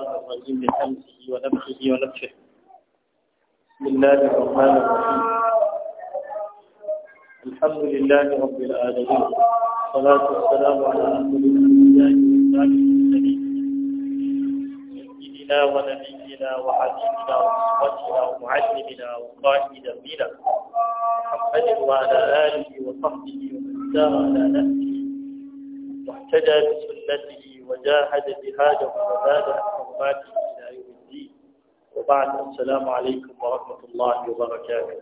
الشيطان الرجيم من همسه ونفسه ونفسه بسم الله الرحمن الرحيم الحمد لله رب العالمين الصلاة والسلام على أفضل الأنبياء والسلام المرسلين سيدنا ونبينا وحبيبنا وأسوتنا ومعلمنا وقائد بنا محمد وعلى آله وصحبه ومن سار على نفسه واهتدى بسنته وجاهد جهاده وزاد الوفاه الى يوم الدين وبعد السلام عليكم ورحمه الله وبركاته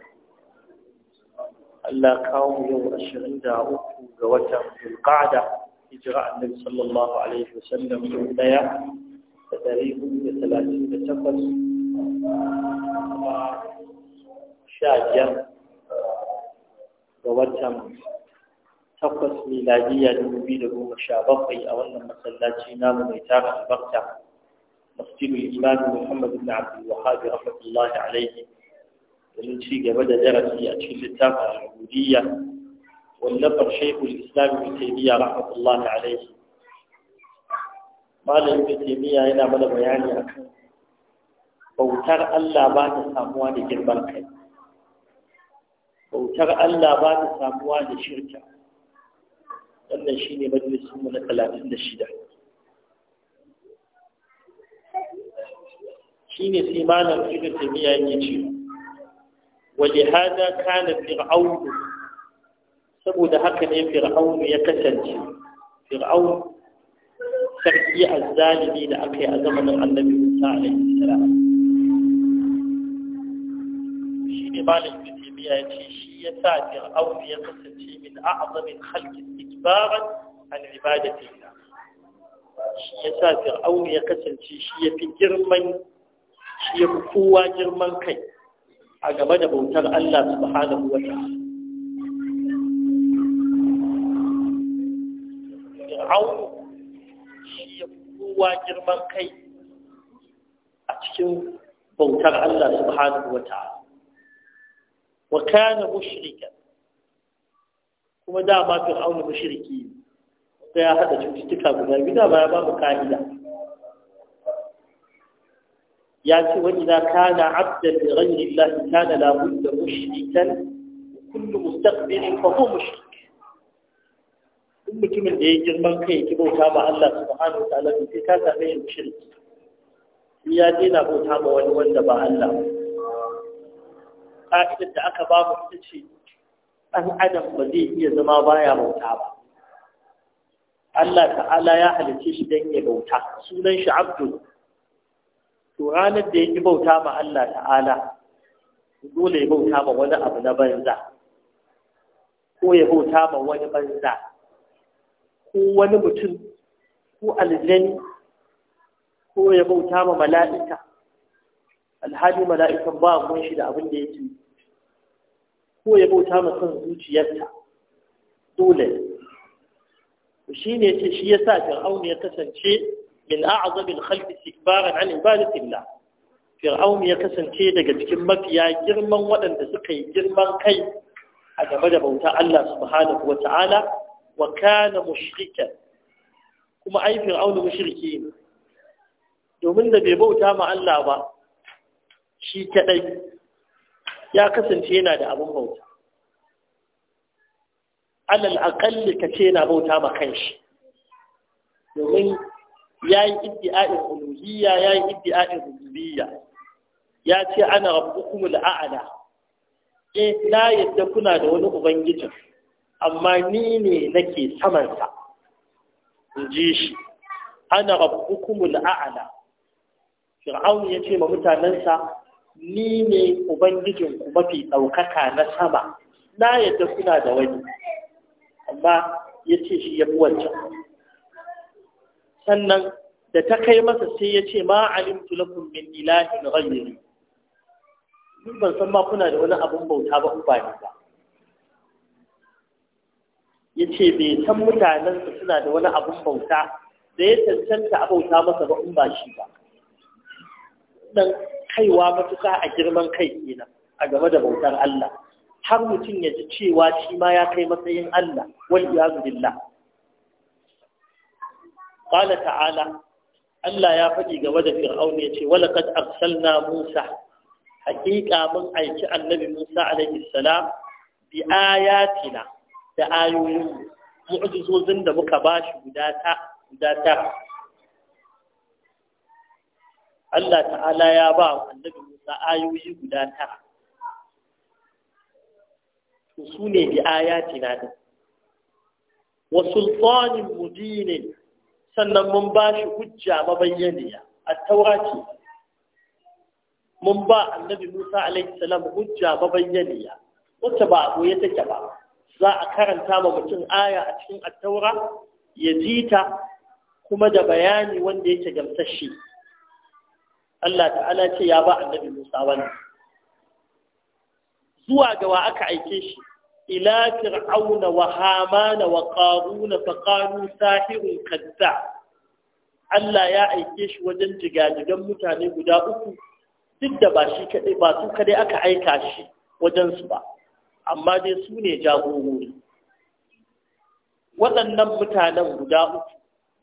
الله كاو يوم الشهر داوك غوتا في القعده اجراء النبي صلى الله عليه وسلم في البدايه فتاريخ 30 شخص شاجا غوتا شخص ميلاديه وشابقي او ان مسلاتي من ميتاخ البقعه تفصيل الإمام محمد بن عبد الوهاب رحمة الله عليه ومن في جبد درس في الكتاب العبودية والنبر شيخ الإسلام ابن تيمية رحمة الله عليه قال ابن تيمية هنا من بيان بوتر الله بعد سموان جنبان خير بوتر ألا بعد سموان شركة أن شيني مجلس من الثلاثين الشدة shine sai malam ibn taymiya yake cewa ولهذا كان فرعون saboda haka ne fir'aunu ya kasance fir'aun sarki azzalimi da aka yi a zamanin annabi musa alaihi salam shi ne malam ibn taymiya ya ce shi ya sa fir'aun ya kasance min a'zamin khalqi ikbaran an ibadati shi ya sa fir'aun ya kasance shi ya fi girman shi ya fi kowa girman kai a game da bautar Allah subhanahu wa ta'ala Fir'aun shi ya kowa girman kai a cikin bautar Allah subhanahu wa ta'ala wa kana mushrikan kuma dama Fir'aun mushriki sai ya haɗa cututtuka guda biyu da ba ya ba mu ka'ida ya ce wani na kana abdan da gani Allah kana labun da mushrikan kullu mustaqbilin fa huwa mushrik in mutumin da ya girman kai ki bauta ba Allah subhanahu wa ta'ala sai ka same shi mushriki ya daina bauta ma wani wanda ba Allah ka'idar da aka ba mu ita ce ɗan adam ba zai iya zama baya bauta ba Allah ta'ala ya halice shi don ya bauta sunan shi abdul to ranar da yake bauta ma Allah ta'ala dole ya bauta ma wani abu na banza ko ya bauta ma wani banza ko wani mutum ko aljani ko ya bauta ma mala'ika alhali mala'ikan ba gun shi da abin da yake ko ya bauta ma son zuciyarta dole shi ne ce shi ya sa fir'aun ya kasance min a'zabil khalqi istikbaran an ibadati Allah fir'aun ya kasance daga cikin mafiya girman waɗanda suka yi girman kai a game da bauta Allah subhanahu wa ta'ala wa kana kuma ai fir'aun mushriki ne domin da bai bauta ma Allah ba shi kadai ya kasance yana da abin bauta alal aqalli kace yana bauta ma kanshi domin ya yi iddi'a'in uluhiyya ya yi iddi'a'in rububiyya ya ce ana rabbukumul a'la eh na yadda kuna da wani ubangijin amma ni ne nake samansa in ji shi ana rabbukumul a'la fir'aun ya ce ma mutanansa ni ne ubangijin ku mafi ɗaukaka na sama na yadda kuna da wani amma ya ce shi ya wancan sannan da ta kai masa sai ya ce ma alimtu lakum min ilahin ghayri ni ban san ma kuna da wani abun bauta ba in ba ni ba yace bai san mutanen su suna da wani abun bauta da ya cancanta a masa ba in ba shi kaiwa matuka a girman kai kenan a game da bautar Allah har mutum ya ji cewa shi ma ya kai matsayin Allah wal iyazu billah qala ta'ala Allah ya faɗi game da Fir'aun ya ce walaqad arsalna Musa haƙiƙa mun aiki annabi Musa alaihi salam bi ayatina da ayoyin mu'jizozin da muka bashi guda ta guda tara Allah ta'ala ya ba annabi Musa ayoyi guda tara su ne bi ayatina din wa sultanin mudinin sannan mun ba shi hujja mabayyaniya a tauraki mun ba annabi musa alaihi salam hujja mabayyaniya wacce ba a ya take ba za a karanta ma mutum aya a cikin attaura ya ji ta kuma da bayani wanda yake gamsashe Allah ta'ala ce ya ba annabi musa wannan zuwa ga wa aka aike shi ila fir'auna wa hamana wa qaruna fa qalu sahirun kadda Allah ya aike shi wajen jigajigan mutane guda uku duk da ba shi kadai ba su kadai aka aika shi wajen ba amma dai su ne jagorori waɗannan mutanen guda uku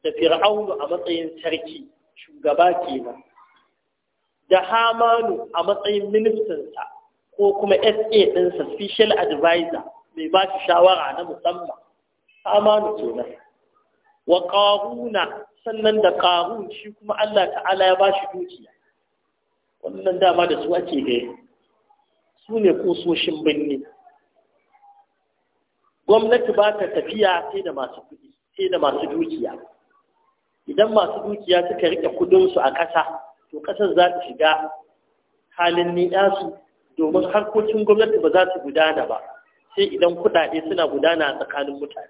da fir'aunu a matsayin sarki shugaba kenan da hamanu a matsayin ministansa ko kuma SA ɗinsa special advisor mai ba shi shawara na musamman amanu kenan wa ƙaruna sannan da ƙarun shi kuma Allah ta'ala ya ba shi dukiya wannan dama da su ake gaya su ne kusoshin birni gwamnati ba ta tafiya sai da masu kuɗi sai da masu dukiya idan masu dukiya suka riƙe kudinsu a ƙasa to ƙasar za ta shiga halin ni'asu domin hmm. harkokin gwamnati ba za su gudana ba sai idan kudade suna gudana a tsakanin mutane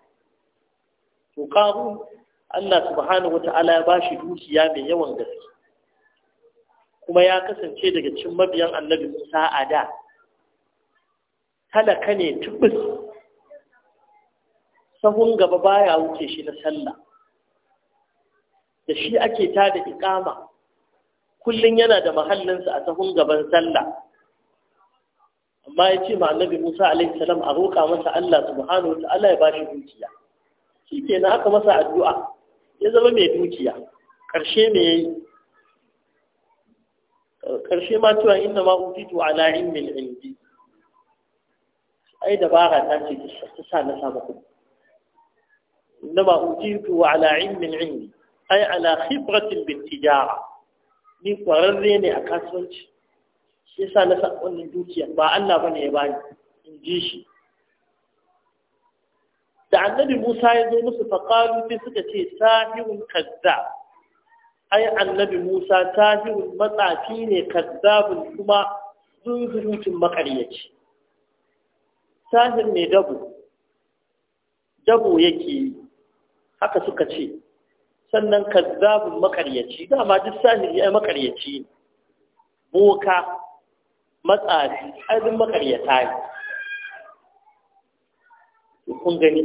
to ƙaru Allah subhanahu Ala, ya bashi dukiya mai yawan gaske kuma ya kasance daga cikin mabiyan annabi Musa a da talaka ne tubus sahun gaba baya wuce shi na sallah da shi ake tada iƙama kullum yana da mahallinsa a sahun gaban sallah amma ya ce ma annabi Musa alaihi salam a roƙa masa Allah subhanahu wa ta'ala ya ba shi dukiya ke na aka masa addu'a ya zama mai dukiya ƙarshe me yi ƙarshe ma cewa inna ma utitu ala ilmin indi ai dabara ta ce ta sa na samu kuɗi inna ma utitu ala ilmin indi ai ala khibratin bittijara ni kwararre ne a kasuwanci shi yasa na sa wannan dukiya ba Allah bane ya bani in ji shi da annabi Musa ya zo musu qalu bi suka ce sahihun Kadza. ai annabi Musa sahihun matsafi ne kazzabun kuma zunzurutun makaryaci sahihun ne dabo dabo yake haka suka ce sannan kazzabun makaryaci dama duk sahiri ai makaryaci boka matsafi azin makaryata ne kun gani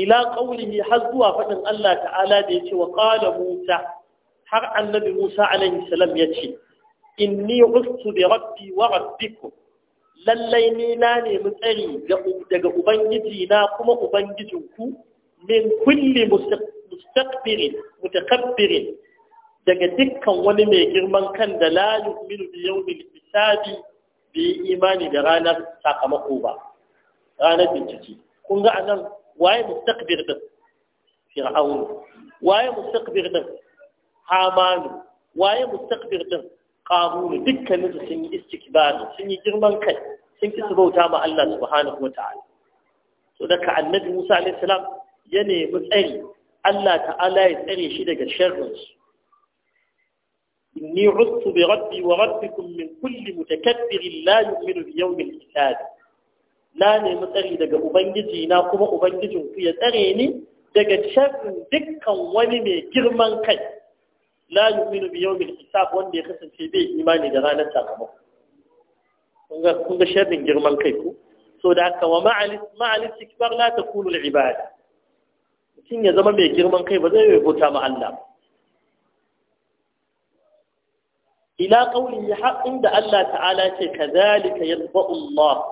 ila qaulihi har zuwa faɗin Allah ta'ala da yace wa qala Musa har annabi Musa alaihi salam yace inni ustu bi rabbi wa rabbikum lallai ni na nemi tsari daga ubangiji na kuma ubangijinku min kulle mustaqbirin mutakabbirin daga dukkan wani mai girman kan da la yu'minu bi yawmil hisabi bai imani da ranar sakamako ba ranar bincike kun ga anan waye mustaqbir din fir'aun waye mustaqbir din hamanu waye mustaqbir din qarun dukkanin su sun yi istikbar sun yi girman kai sun ki bauta ma Allah subhanahu wataala to daga annabi Musa alaihi salam ya nemi tsari Allah ta'ala ya tsare shi daga sharrin su إني عدت بربي وربكم من كل متكبر لا يؤمن بيوم الحساب لا نمتري دقى أبنجي ناقم أبنجي في تريني دقى شر دكا ولمي جرمان كي لا يؤمن بيوم الحساب وندي خسن في بيه إيماني درانا تاقمه كنت شر جرمان كيكو so da haka wa ma'alis ikbar la takunu al-ibada mutum ya zama mai girman kai ba zai bauta ma Allah ila qawlihi har inda Allah ta'ala ce kadhalika yadba'u Allah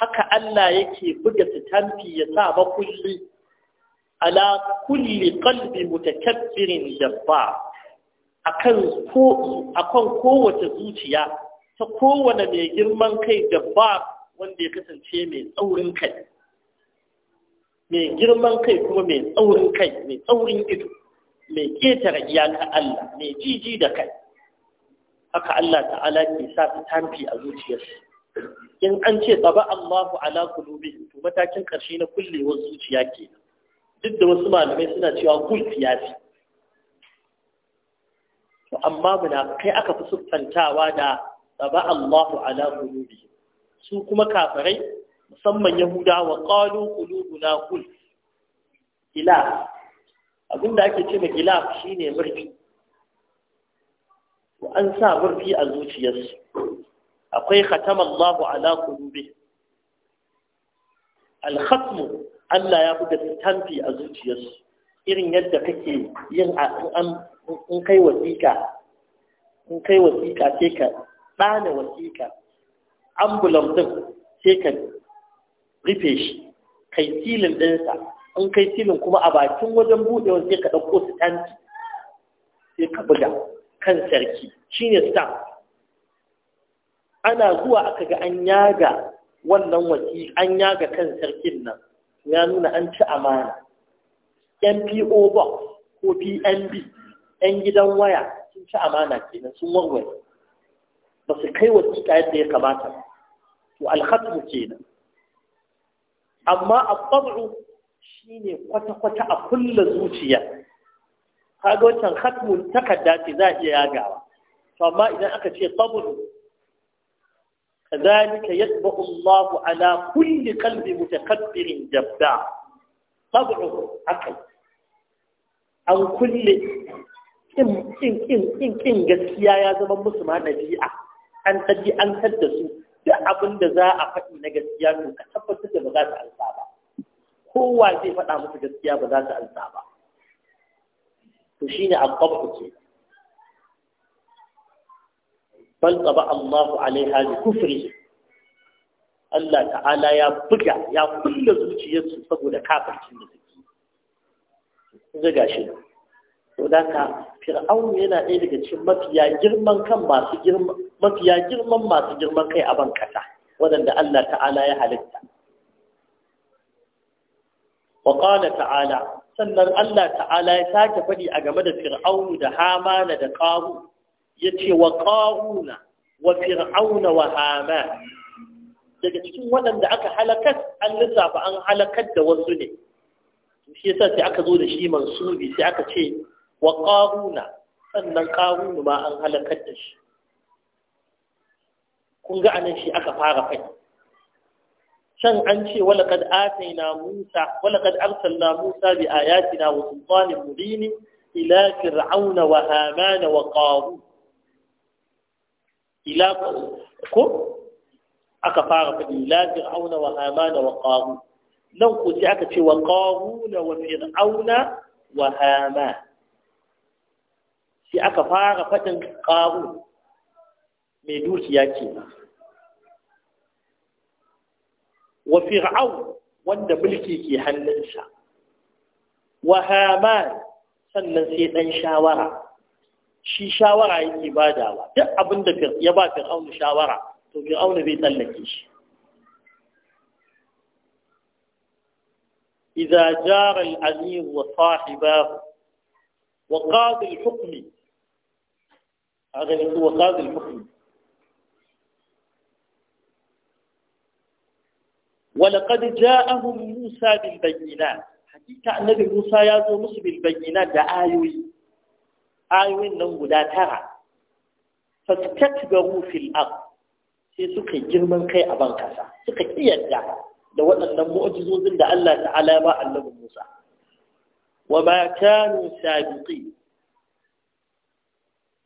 haka Allah yake buga sitamfi ya sa ba kulli ala kulli qalbi mutakabbirin jabba akan ko akan kowace zuciya ta kowane mai girman kai jabba wanda ya kasance mai tsaurin kai mai girman kai kuma mai tsaurin kai mai tsaurin ido mai iyaka Allah mai jiji da kai haka Allah ta'ala ke sa su tamfi a zuciyarsu in an ce tsaba Allahu ala qulubihim to matakin ƙarshe na kullewar zuciya ke duk da wasu malamai suna cewa kulki ya fi to amma kai aka fi siffantawa da tsaba Allahu ala qulubihim su kuma kafirai musamman yahudawa qalu qulubuna kulf ila abinda ake ce ma gilaf shine murfi an sa murfi a zuciyarsu akwai khatam Allahu ala kulubi al-khatmu Allah ya da tamfi a zuciyarsu irin yadda kake yin in kai wasiƙa in kai wasiƙa sai ka ɗana wasiƙa ambulan din sai ka rufe shi kai tilin ɗinsa in kai tilin kuma a bakin wajen buɗewa sai ka ɗauko su tanti sai ka buga kan sarki shine stamp ana zuwa aka ga an yaga wannan wasi an yaga kan sarkin nan ya nuna an ci amana npo box ko pnb yan gidan waya sun ci amana kenan sun warware ba su kai wasiƙa yadda ya kamata ba to ke kenan amma abbaru shine kwata-kwata a kulla zuciya kaga wancan khatmun takarda ce za a iya yagawa to amma idan aka ce tabul kadhalika yatba'u Allah ala kulli qalbi mutakabbirin jabba tabu akai an kulle kin kin kin gaskiya ya zama musu ma dabi'a an tabi an tadda su duk abin da za a faɗi na gaskiya to ka tabbatar da ba za su alsa ba kowa zai faɗa musu gaskiya ba za su alsa ba to shine al-qabd ce allahu taba Allah alaiha bi kufri Allah ta'ala ya buga ya kulle zuciyarsu saboda cin da suke ga shi to da ka fir'aun yana ɗaya daga cikin mafiya girman kan masu girma mafiya girman masu girman kai a ban kasa waɗanda Allah ta'ala ya halitta وقال تعالى ta'ala sannan Allah ta'ala ya sake faɗi a game da fir'aunu da hamana da ƙaru ya ce wa ƙaruna wa fir'auna wa Hama. daga cikin waɗanda aka halakar an lissafa an halakar da wasu ne shi yasa sai aka zo da shi mansubi sai aka ce wa ƙaruna sannan ƙarunu ma an halakar da shi kun ga anan shi aka fara faɗi can an ce wala kad ataina Musa wala kad na Musa bi ayatina wasu sultanin mubin ila fir'auna wa haman wa ƙaru, ila ko aka fara fadi ila fir'auna wa haman wa ƙaru, nan ko sai aka ce wa ƙaru na wa fir'auna wa hama sai aka fara fadin ƙaru mai dukiya kenan wa fir'aun wanda mulki ke hannunsa wa haman sannan sai dan shawara shi shawara yake badawa duk abin da ya ba fir'aun shawara to fir'aun bai tsallake shi إذا جار الأمير وصاحباه وقاضي الحكم هذا هو قاضي الحكم ولقد جاءهم موسى بالبينات حقيقة النبي موسى يازو مس بالبينات ده آيوي آيوي ننقو لا ترى فاستكبروا في الأرض sai suka girman kai a ban suka kiyarda da waɗannan mu'ajizozin da Allah ta'ala ba annabi Musa wa ma kanu sabiqi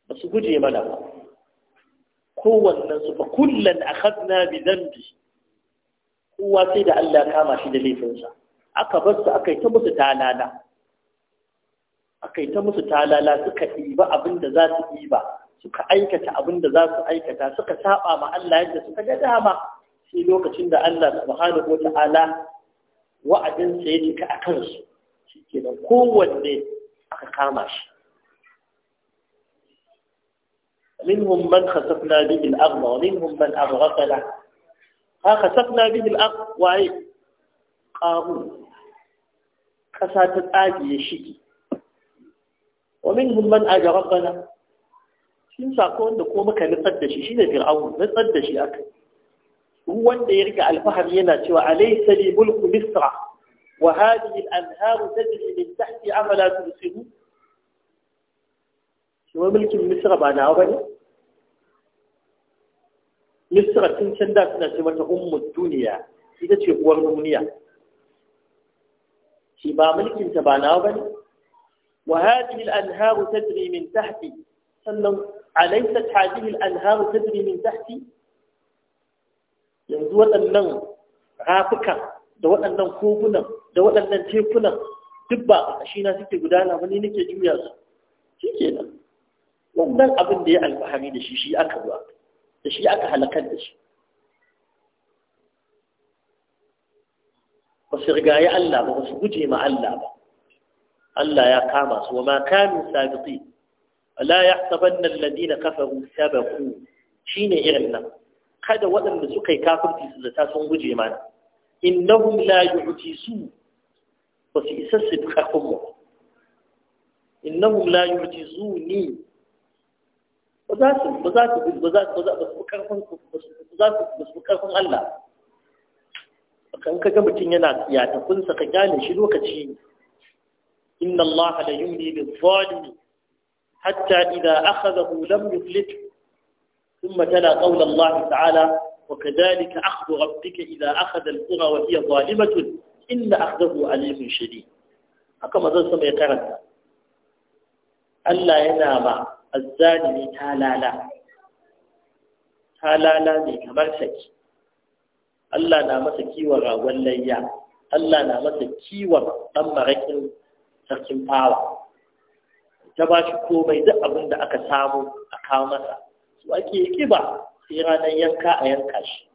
basu guje mana ba kowannen su fa kullan akhadna bi kowa sai da Allah kama shi da laifinsa aka bar su aka yi ta musu talala aka yi ta musu talala suka ɗiba abin da za su ɗiba suka aikata abin da za su aikata suka saba ma Allah yadda suka ga dama sai lokacin da Allah subhanahu wata'ala sa ya cika a kansu shi ke da kowanne aka kama shi منهم من خسفنا به الأرض ومنهم من أغرقنا ha kasafna bihi al-ard waye qarun kasa ta tsage ya shige wa minhum man ajrabana shin sako wanda ko muka nutsar da shi shine fir'aun nutsar da shi akai wanda ya rika alfahari yana cewa alaysa li mulku misra wa hadhihi al-anharu tajri min tahti amala tusiru shi wa mulkin misra ba ba ne? misra tun can da suna ce mata duniya ita ce uwar duniya shi ba mulkin ta ba nawa bane wa hadhihi al-anharu tajri min tahti sannan alaysat hadhihi al-anharu tajri min tahti yanzu waɗannan rafukan da waɗannan kogunan da waɗannan tekunan duk ba a na suke gudana ba ni nake juya su shi nan wannan abin da ya alfahari da shi shi aka zuwa da shi aka halakar da shi ba su rigaye Allah ba ba su guje ma Allah ba Allah ya kama su wa ma kanu sabiqi la yahsabanna alladhina kafaru Shi ne irin nan kada waɗanda suka yi kafirci su zata sun guje mana innahum la yu'tisu ba su isa su kafin mu innahum la ni. ba za su ba su ba su ba karfin Allah kan ka ga mutum yana tsiyatafin sa ka gane shi lokaci inna Allah la yumli bil zalimi hatta idza akhadahu lam yuflit thumma tala qawla Allah ta'ala wa kadhalika akhdhu rabbika idza akhadha al-qura wa hiya zalimatun inna akhdahu alimun shadid haka mazan sa mai karanta Allah yana ba Azzani azzalimi talala talala ne kamar saki Allah na masa kiwon ragon layya Allah na masa kiwon ɗan marakin sarkin fawa ta ba shi komai duk abin da aka samu a kawo masa su ake kiba sai ranar yanka a yanka shi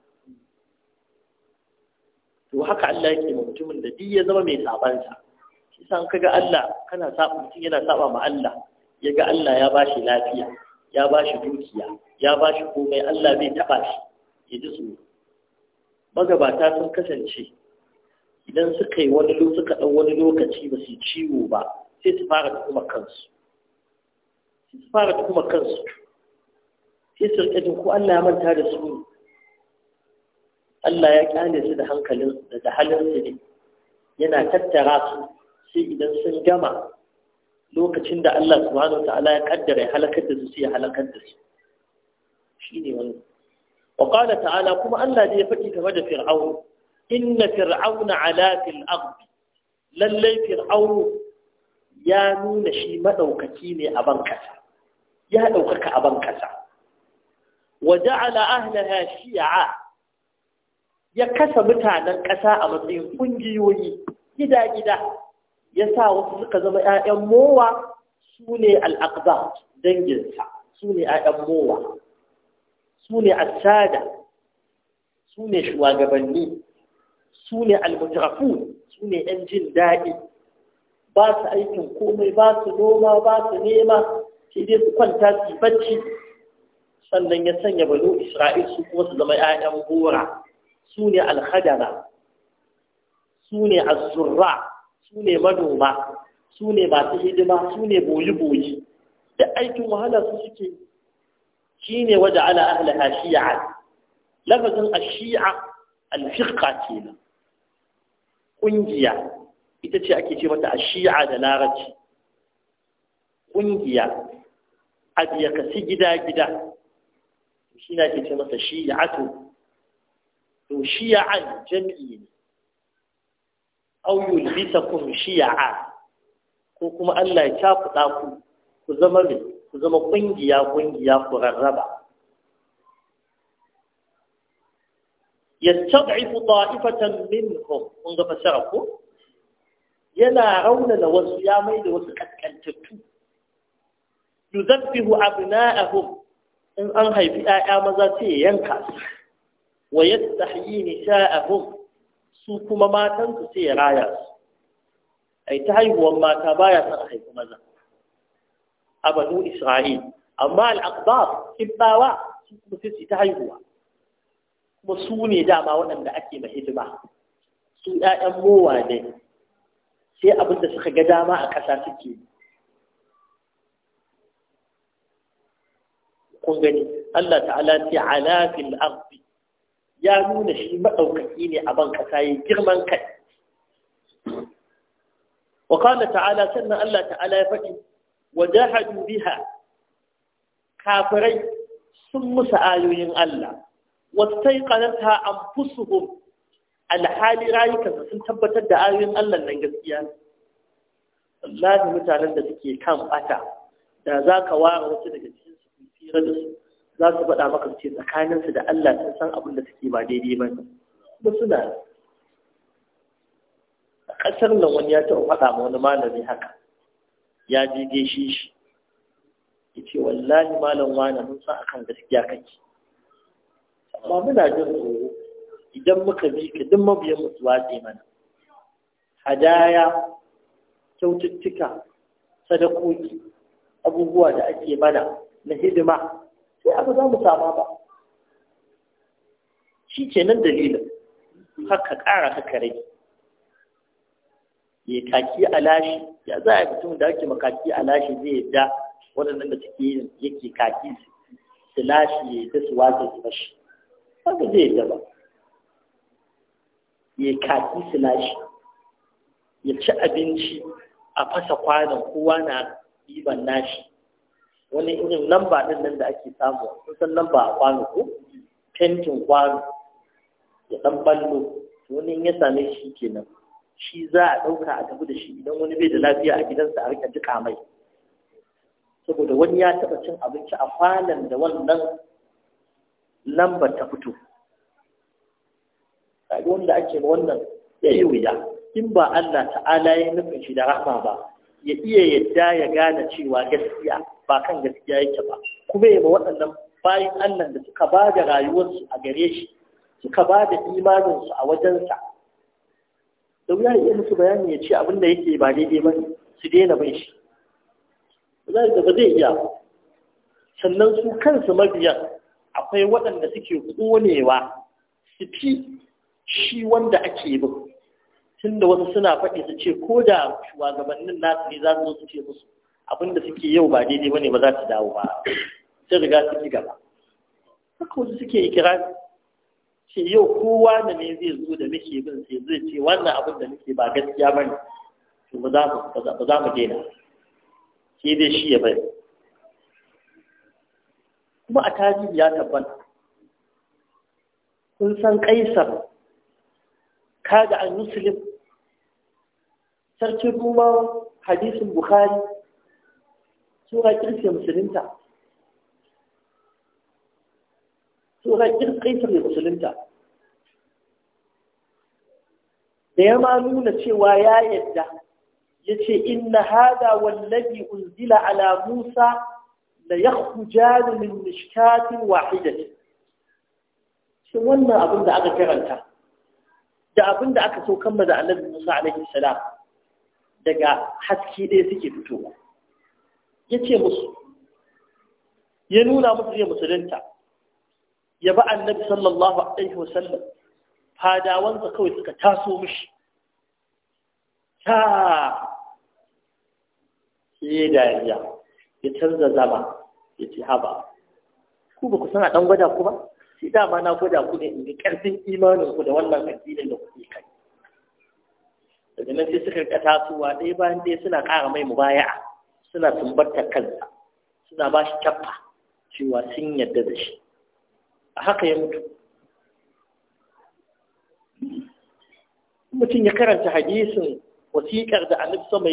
to haka Allah yake ma mutumin da duk ya zama mai sabansa sai san kaga Allah kana saba mutum yana saba ma Allah ya ga Allah ya ba shi lafiya ya ba shi dukiya ya ba shi komai Allah zai taɓa shi ya ji tsoro magabata sun kasance idan suka yi wani suka ɗan wani lokaci ba su ciwo ba sai su fara tuhuma kansu sai su fara tuhuma kansu sai su rikajin ko Allah ya manta da su Allah ya kyale su da hankalin da halin su ne yana tattara su sai idan sun gama lokacin da Allah subhanahu wataala ya kaddara ya halakar da su sai ya halakar da su shine wannan wa qala ta'ala kuma Allah ya faɗi game da fir'aun inna fir'auna ala fil ard lalle ya nuna shi madaukaki ne a bankasa ya daukaka a bankasa wa ja'ala ahlaha shi'a ya kasa mutanen ƙasa a matsayin kungiyoyi gida-gida ya sa wasu suka zama 'ya'yan mowa su ne al'aqba danginsa su ne 'ya'yan mowa su ne asada su ne shugabanni su ne almutrafu su ne 'yan jin daɗi ba su aikin komai ba su noma ba su nema sai dai su kwanta su bacci sannan ya sanya banu isra'il su kuma su zama 'ya'yan gora su ne alhadara su ne azurra su ne manoma su ne masu hidima su ne boyi-boyi da aikin wahala su suke shi ne waje ala ahlaha shi'a lafazin ashi'a alfiqa kenan ƙungiya ita ce ake ce mata ashi'a da larabci ƙungiya abu ya kasi gida-gida shi na ke ce masa shi'atu to shi'an jam'i ne aw yulbisakum shi'a ko kuma Allah ya cakuɗa ku ku zama ne ku zama kungiya kungiya ku rarraba yastad'ifu ta'ifatan minhum kun ga fasara ko yana raunana wasu ya mai da wasu kaskantattu yuzabbihu abna'ahum in an haifi 'ya'ya maza sai ya yanka su wa yastahyi nisa'ahum su kuma matan su sai ya raya su ai ta haihuwar mata baya son haihu maza a banu isra'il amma al'akbar kibbawa su kuma sai su ta haihuwa kuma su ne dama waɗanda ake ma hidima su ‘ya'yan mowa ne sai abin da suka ga dama a ƙasa suke kun gani Allah ta'ala ce ala fil ya nuna shi maɗaukaki ne a ban ƙasa ya girman kai wa kana ta'ala sannan Allah ta'ala ya faɗi wa jahadu biha kafirai sun musa ayoyin Allah wastaiqanatha anfusuhum alhali rayukansa sun tabbatar da ayoyin Allah nan gaskiya wallahi mutanen da suke kan bata da za ka ware wasu daga cikin su fira da su za su faɗa maka ce tsakaninsu da Allah sun san abin da suke ba daidai ba ne. ba suna a ƙasar nan wani ya taɓa faɗa ma wani malami haka ya je gaishe shi ya ce wallahi malam wani mun san akan gaskiya kake amma muna jin tsoro idan muka bi ka duk mabiyan mu watse mana hadaya kyaututtuka sadakoki abubuwa da ake mana na hidima sai aka za mu sama ba shi ke nan dalilin haka ƙara haka rage ya kaki a lashi ya za a fitun da ake makaki a lashi zai yadda waɗannan da suke yake kaki su lashi ya ta su wata su fashi haka zai yadda ba ya kaki su lashi ya ci abinci a fasa kwanon kowa na ɗiban nashi wani irin lamba ɗin nan da ake samu kusan lamba a kwano ko tentin kwano ya ɗan ballo wani in ya same shi kenan shi za a ɗauka a tafi da shi idan wani bai da lafiya a gidansa a rika duka mai saboda wani ya taɓa cin abinci a kwanan da wannan lambar ta fito kaga wanda ake ma wannan ya yi wuya in ba Allah ta'ala ya nufin shi da rahma ba ya iya yadda ya gane cewa gaskiya ba kan gaskiya yake ba kuma yaba waɗannan bayan Allah da suka ba da rayuwarsu a gare shi suka ba da imaninsu a wajensa da wuya ya musu bayani ya ce abin da yake ba daidai ba su daina bai shi za da ba zai iya sannan su kansu mabiyan akwai waɗanda suke ƙonewa su fi shi wanda ake bin tunda wasu suna faɗi su ce ko da shugabannin nasu ne za su zo su ce musu abinda suke yau ba daidai bane ba za su dawo ba sai riga su ci gaba haka wasu suke kira ce yau kowa da ne zai zo da muke bin sai zai ce wannan abin da muke ba gaskiya bane to ba za mu ba za mu daina sai dai shi ya bari kuma a tarihi ya tabbata kun san kaisar kaga al-muslim sarkin rumawa hadisin bukhari sura kirkiyar musulunta sura kirkiyar musulunta da ya ma nuna cewa ya yadda ya ce inna hada wallabi unzila ala musa da ya hujjani min mishkatin wahidati shi wannan abin da aka karanta da abin da aka so kammala annabi musa alaihi salam daga haske ɗaya suke fitowa ya ce musu ya nuna musu ya musulunta ya ba annabi sallallahu alaihi wasallam fadawansa kawai suka taso mishi ta yi dariya ya canza zama ya ce haba ku ba ku sana dan gwada ku ba sai dama na gwada ku ne inda ƙarfin imanin ku da wannan addinin da kuke kai daga nan sai suka rika tasowa ɗaya bayan ɗaya suna ƙara mai mubaya'a suna tumbarta kansa suna ba shi kyaffa cewa sun yadda da shi a haka ya mutu mutum ya karanta hadisin wasiƙar da annabi sama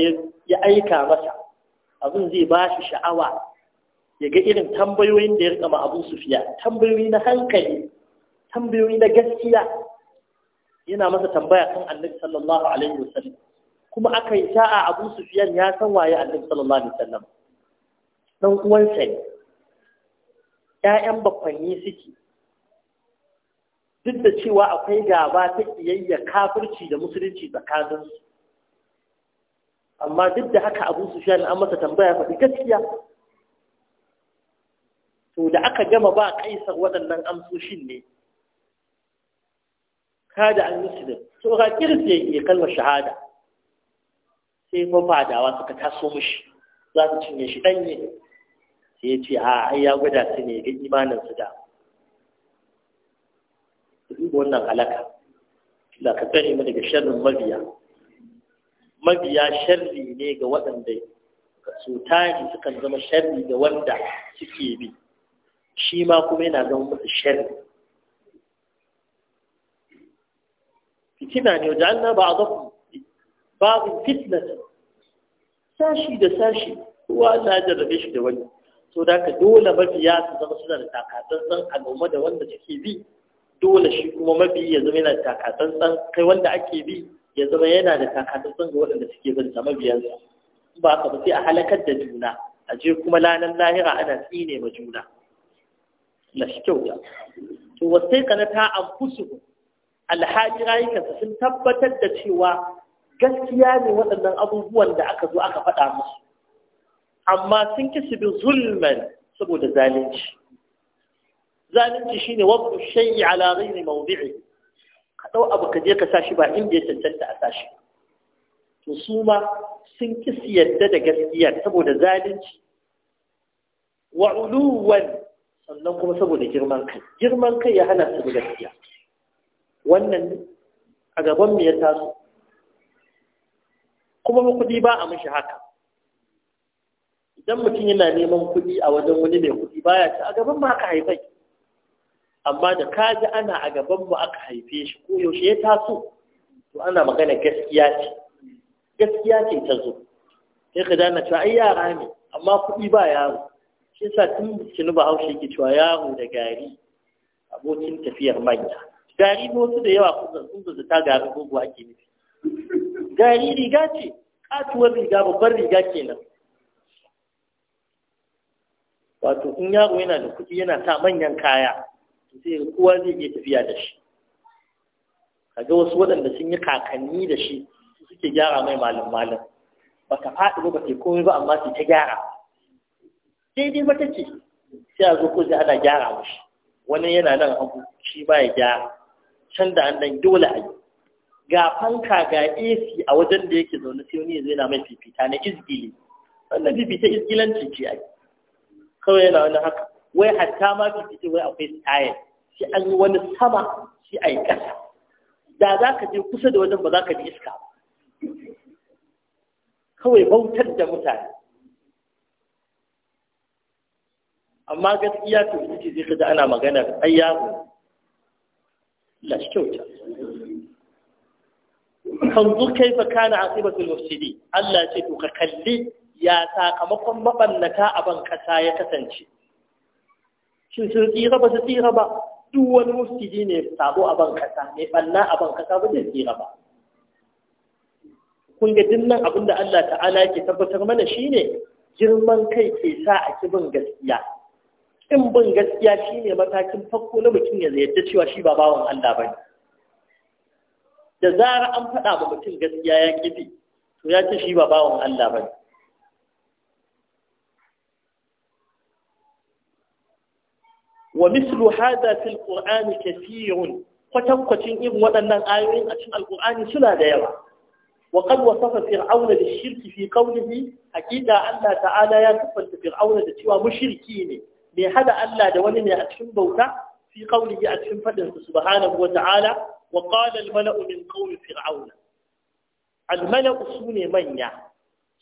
ya aika masa abin zai ba shi sha'awa ya ga irin tambayoyin da ya rikama ma su fiya tambayoyi na hankali tambayoyi na gaskiya yana masa tambaya kan annabi sallallahu alaihi wasallam kuma aka yi sha'a abu sufiyan ya san waye annabi sallallahu alaihi wasallam dan uwansa ne ƴaƴan bakwanni suke duk da cewa akwai gaba ta kiyayya kafirci da musulunci tsakaninsu amma duk da haka abu sufiyan an masa tambaya faɗi gaskiya to da aka gama ba kaisar waɗannan amsoshin ne kada an musulun so ga kirsi ya kalmar shahada sai da fadawa suka taso mishi za su cinye shi ɗanye. sai ya ce a ai ya gwada su ne ga imanin su da duk wannan halaka da ka tsare mu daga sharrin mabiya mabiya sharri ne ga waɗanda su tari sukan zama sharri ga wanda suke bi shi ma kuma yana zama musu sharri fitina ne wajen annaba a zafi babu fitnatu sashi da sashi kowa na ya jarrabe shi da wani so da ka dole mabiya su zama suna da takatsantsan a game da wanda suke bi dole shi kuma mabi ya zama yana da takatsantsan kai wanda ake bi ya zama yana da takatsantsan ga waɗanda suke bin sa mabiyansa ba ka ba sai a halakar da juna a je kuma lanan lahira ana tsine ma juna na shi kyau ya to wasai kana ta anfusu alhaji rayukansa sun tabbatar da cewa gaskiya ne waɗannan abubuwan da aka zo aka faɗa musu amma sun ki su bi zulman saboda zalunci zalunci shine waqtu shay'i ala ghairi mawdi'i ka dau abu ka je ka sashi ba inda ya tantanta a sashi to su ma sun ki su yadda da gaskiya saboda zalunci wa uluwan sannan kuma saboda girman kai girman kai ya hana su gaskiya wannan a gaban mu ya taso kuma kuɗi ba a mishi haka idan mutum yana neman kuɗi a wajen wani mai kuɗi baya ci a gaban mu aka haifai amma da ka ji ana a gaban mu aka haife shi ko yaushe ya taso to ana magana gaskiya ce gaskiya ce ta zo sai ka dana cewa ai yara ne amma kuɗi ba yaro shi yasa tun bikini ba haushe yake cewa yaro da gari abokin tafiyar manya gari ne wasu da yawa sun zata gari gogo ake nufi gari riga ce katuwar riga babbar riga kenan wato in yaro yana da kuɗi yana sa manyan kaya sai kowa zai iya tafiya da shi kaga wasu waɗanda sun yi kakanni da shi suke gyara mai malam malam ba ka faɗi ba ba ke komai ba amma su ta gyara daidai ba ce sai a zo ko sai ana gyara mashi wani yana nan abu shi ba ya gyara can da an dan dole a yi ga fanka ga AC a wajen da yake zaune sai wani zai na mai fifita na izgili wannan fifita izgilanci ce ai kawai yana wani haka wai hatta ma fifita wai akwai style shi an yi wani sama shi a yi da za ka je kusa da wajen ba za ka ji iska ba kawai bautar da mutane amma gaskiya to ita zai kaji ana magana ai yaro lashi kyauta fanzur kaifa kana aqibatul mufsidi Allah ce to ka kalli ya sakamakon mabannata a ban kasa ya kasance shin sun tsira ba su tsira ba duk wani mufsidi ne sabo a ban kasa mai banna a ban kasa ba zai tsira ba kun ga dinnan abin da Allah ta'ala yake tabbatar mana shine girman kai ke sa a kibin gaskiya in bin gaskiya shine matakin farko na mutum ya yarda cewa shi ba bawan Allah bane da zara an faɗa ba mutum gaskiya ya kifi to ya ce shi ba bawan Allah ba wa mislu hada fil qur'ani kathirun kwatankwacin irin waɗannan ayoyin a cikin alqur'ani suna da yawa wa qad wasafa fir'aun da shirki fi qawlihi hakika Allah ta'ala ya tabbata fir'aun da cewa mushriki ne mai hada Allah da wani ne a cikin bauta fi qawlihi a cikin fadin subhanahu wa ta'ala وقال الملأ من قوم فرعون الملأ سوني منيا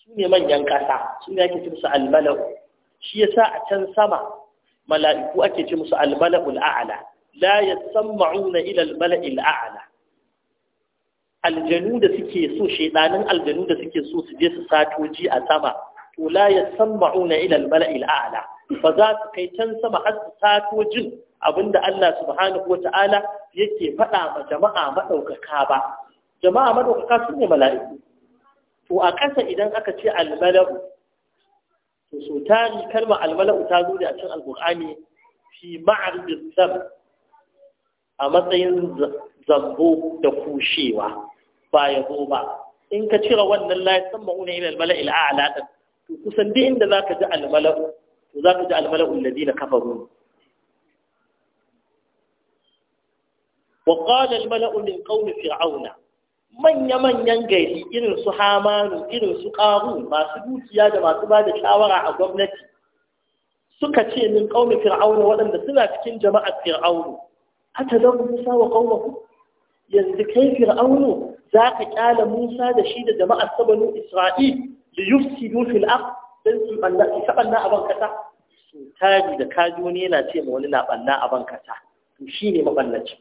سوني منيا كسا سوني أكي تمسى الملأ شيسا أتن سما ملائكو أكي تمسى الملأ الأعلى لا يسمعون إلى الملأ الأعلى aljanu da suke so shedanin aljanu da suke so su je su satoji a sama to la yasamma'una ila al-mala'il a'la fa za su kai can sama har su satojin abinda Allah subhanahu Ta'ala yake faɗa ma jama'a maɗaukaka ba jama'a maɗaukaka sun ne mala'iku to a ƙasa idan aka ce almala'u to so kalma kalmar almala'u ta zo da a al alƙur'ani fi ma'ar zam a matsayin zambo da kushewa ba ya zo ba in ka cire wannan la yasammauna ila almala'il a'la to kusan duk inda zaka ji almala'u to zaka ji almala'u kafa kafaru وقال الملأ من قوم فرعون manya-manyan gari irin su hamanu irin su ƙaru masu dukiya da masu ba da shawara a gwamnati suka ce min ƙaunin fir'auna waɗanda suna cikin jama'ar fir'aunu hata zan musa wa ƙaunaku yanzu kai fir'aunu za ka ƙyala musa da shi da jama'ar sabanin isra'il da yufsi fil ard dan su banna a bankata su da kaji yana ce ma wani na banna a bankata to shine maballacin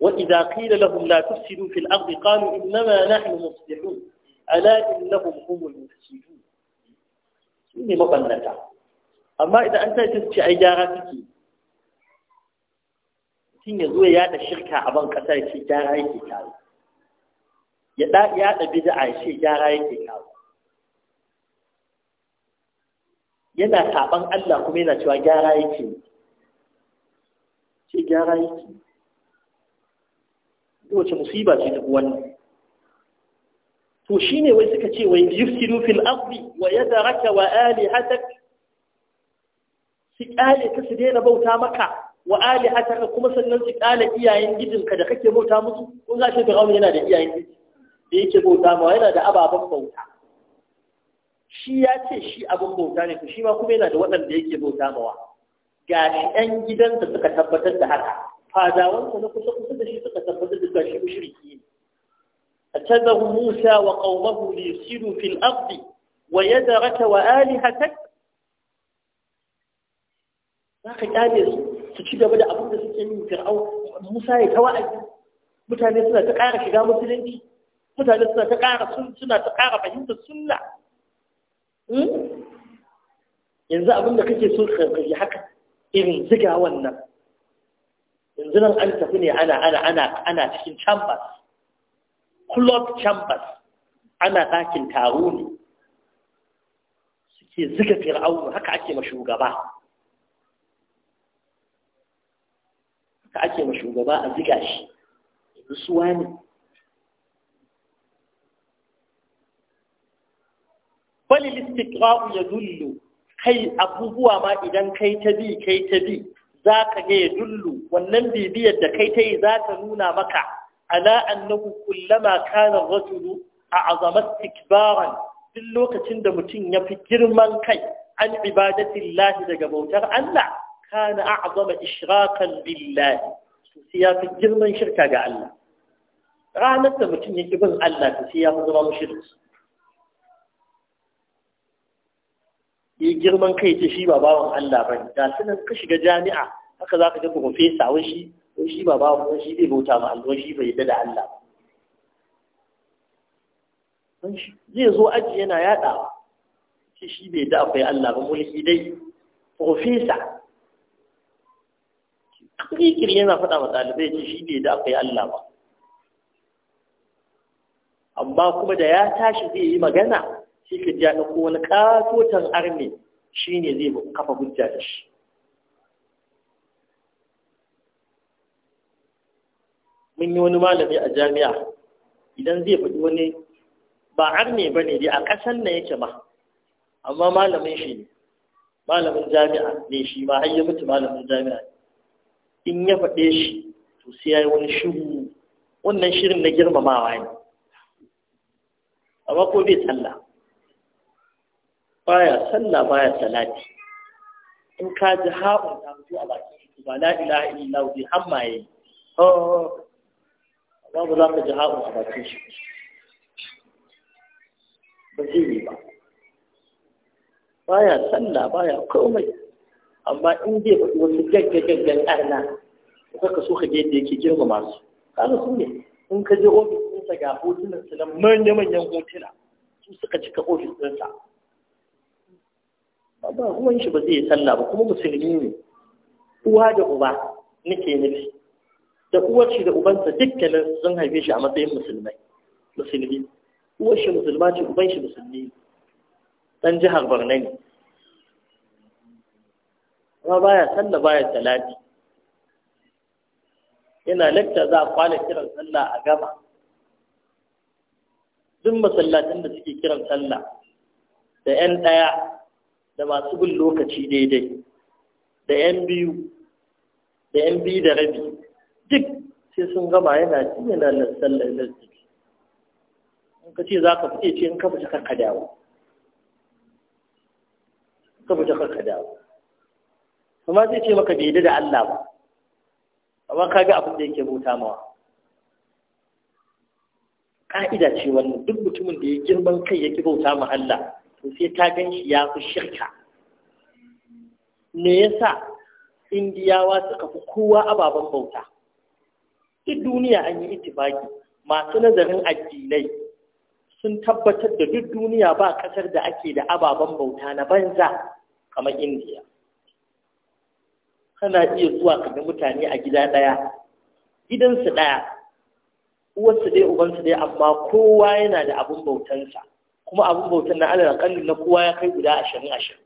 وإذا قيل لهم لا تفسدوا في الأرض قالوا إنما نحن مصلحون ألا إنهم هم المفسدون إني مقنتا أما إذا أنت تسجي عجارتك tun ya zo ya yada shirka a ban ya ce gyara yake kawo ya yada bid'a ya ce gyara yake kawo yana Allah kuma yana cewa gyara ce gyara wace musiba ce ta wannan to shine wai suka ce wai yufsidu fil ardi wa yadaraka wa alihatak su kyale ka su daina bauta maka wa alihatak kuma sannan su kyale iyayen gidinka da kake bauta musu kun ga shi Fir'aun yana da iyayen gidi da yake bauta ma yana da ababen bauta shi ya ce shi abin bauta ne to shi ma kuma yana da waɗanda yake bauta mawa ga shi 'yan gidansa suka tabbatar da haka fadawansa na kusa المشركين أتذر موسى وقومه ليسيروا في الأرض ويدرك وآلهتك ناقي آلهة تشيد بدأ أبونا سيسيني فرعون موسى يتواعد متى نسنا تقارى كقام سلندي متى نسنا تقارى سنة تقارى فهمت السنة ينزع أبونا كيسي سلخة في حق إن زكا ونبي yanzu nan an tafi ne ana ana ana ana cikin chambers club chambers ana ɗakin taro ne suke ziga fir'aunu haka ake ma shugaba haka ake ma shugaba a zika shi yanzu suwa ne balil ya dullu kai abubuwa ma idan kai ta bi kai ta bi za ka ga ya dullu wannan bibiyar da kai ta yi za ka nuna maka ala annahu kullama kana rajulu a azamat tikbaran duk lokacin da mutum ya fi girman kai an ibadatillahi daga bautar Allah kana a'zama ishrakan billahi to ya fi girman shirka ga Allah ranar da mutum ya ki bin Allah to ya fi zama mushriki yi girman kai ce shi ba bawan Allah ba ga sunan ka shiga jami'a haka za ka ga profesa wai shi wai shi ba bawan wai shi zai bauta ba, Allah shi bai yadda da Allah ba zai zo aji yana yadawa shi shi bai yadda akwai Allah ba mulki dai profesa kirkiri yana faɗa wa ɗalibai ce shi bai da akwai Allah ba amma kuma da ya tashi zai yi magana sai ka ja ko wani ƙatotan arne shi ne zai kafa hujja da shi mun yi wani malami a jami'a idan zai faɗi wani ba arne ba ne dai a ƙasan na yake ba amma malamin shi ne malamin jami'a ne shi ma har mutu malamin jami'a in ya faɗe shi to sai ya yi wani shiru wannan shirin na girmamawa ne amma ko bai tsalla baya sallah baya salati in ka ji ha'un da fito a bakin su, ba la ilaha illallah bi hammaye ho oh, oh, oh. ba za ka ji ha'un a bakin shi ba zai yi ba baya sallah baya komai amma in zai faɗi wasu gaggagaggan arna ka so ka je da yake girmama su ga su ne in ka je ofis ɗinsa ga hotunan su na manya-manyan hotuna su suka cika ofis ɗinsa ba kuma shi ba zai yi sallah ba kuma musulmi ne uwa da uba nake nufi da uwar shi da ubansa dukkanin sun haife shi a matsayin musulmai musulmi uwar shi musulma ce uban shi musulmi dan jihar Borno ne ya baya sallah baya talati yana lakta za a kwana kiran sallah a gaba duk masallacin da suke kiran sallah da 'yan ɗaya da masu bin lokaci daidai da yan biyu da yan biyu da rabi duk sai sun gama yana ji yana lantar lalsallar in ka ce za ka fi ce in ka fi ka dawo ka fi ka dawo kuma zai ce maka daidai da Allah ba amma ka ga abin da yake bauta mawa ka'ida ce wannan duk mutumin da ya girman kai ya ki bauta ma Allah to sai ta gan shi ya fi shirka me yasa indiyawa suka fi kowa ababen bauta duk duniya an yi ita-baki, masu nazarin addinai sun tabbatar da duk duniya ba kasar da ake da ababen bauta na banza kamar indiya kana iya zuwa kaga mutane a gida ɗaya gidansu ɗaya uwarsu dai ubansu dai amma kowa yana da abin bautansa kuma abin bautan na alal akalli na kowa ya kai guda ashirin ashirin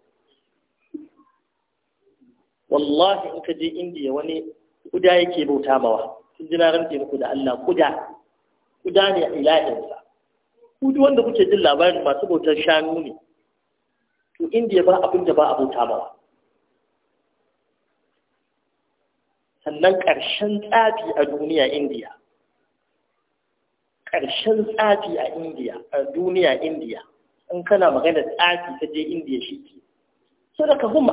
wallahi in ka je indiya wani kuda yake bauta mawa sun ji na rantse muku da allah kuda kuda ne a ila'insa kudu wanda kuke jin labarin masu bautar shanu ne to indiya ba abin da ba a bauta mawa sannan ƙarshen tsafi a duniya indiya ƙarshen tsafi a indiya a duniya indiya in kana magana tsafi ta je indiya shi ke so daga hum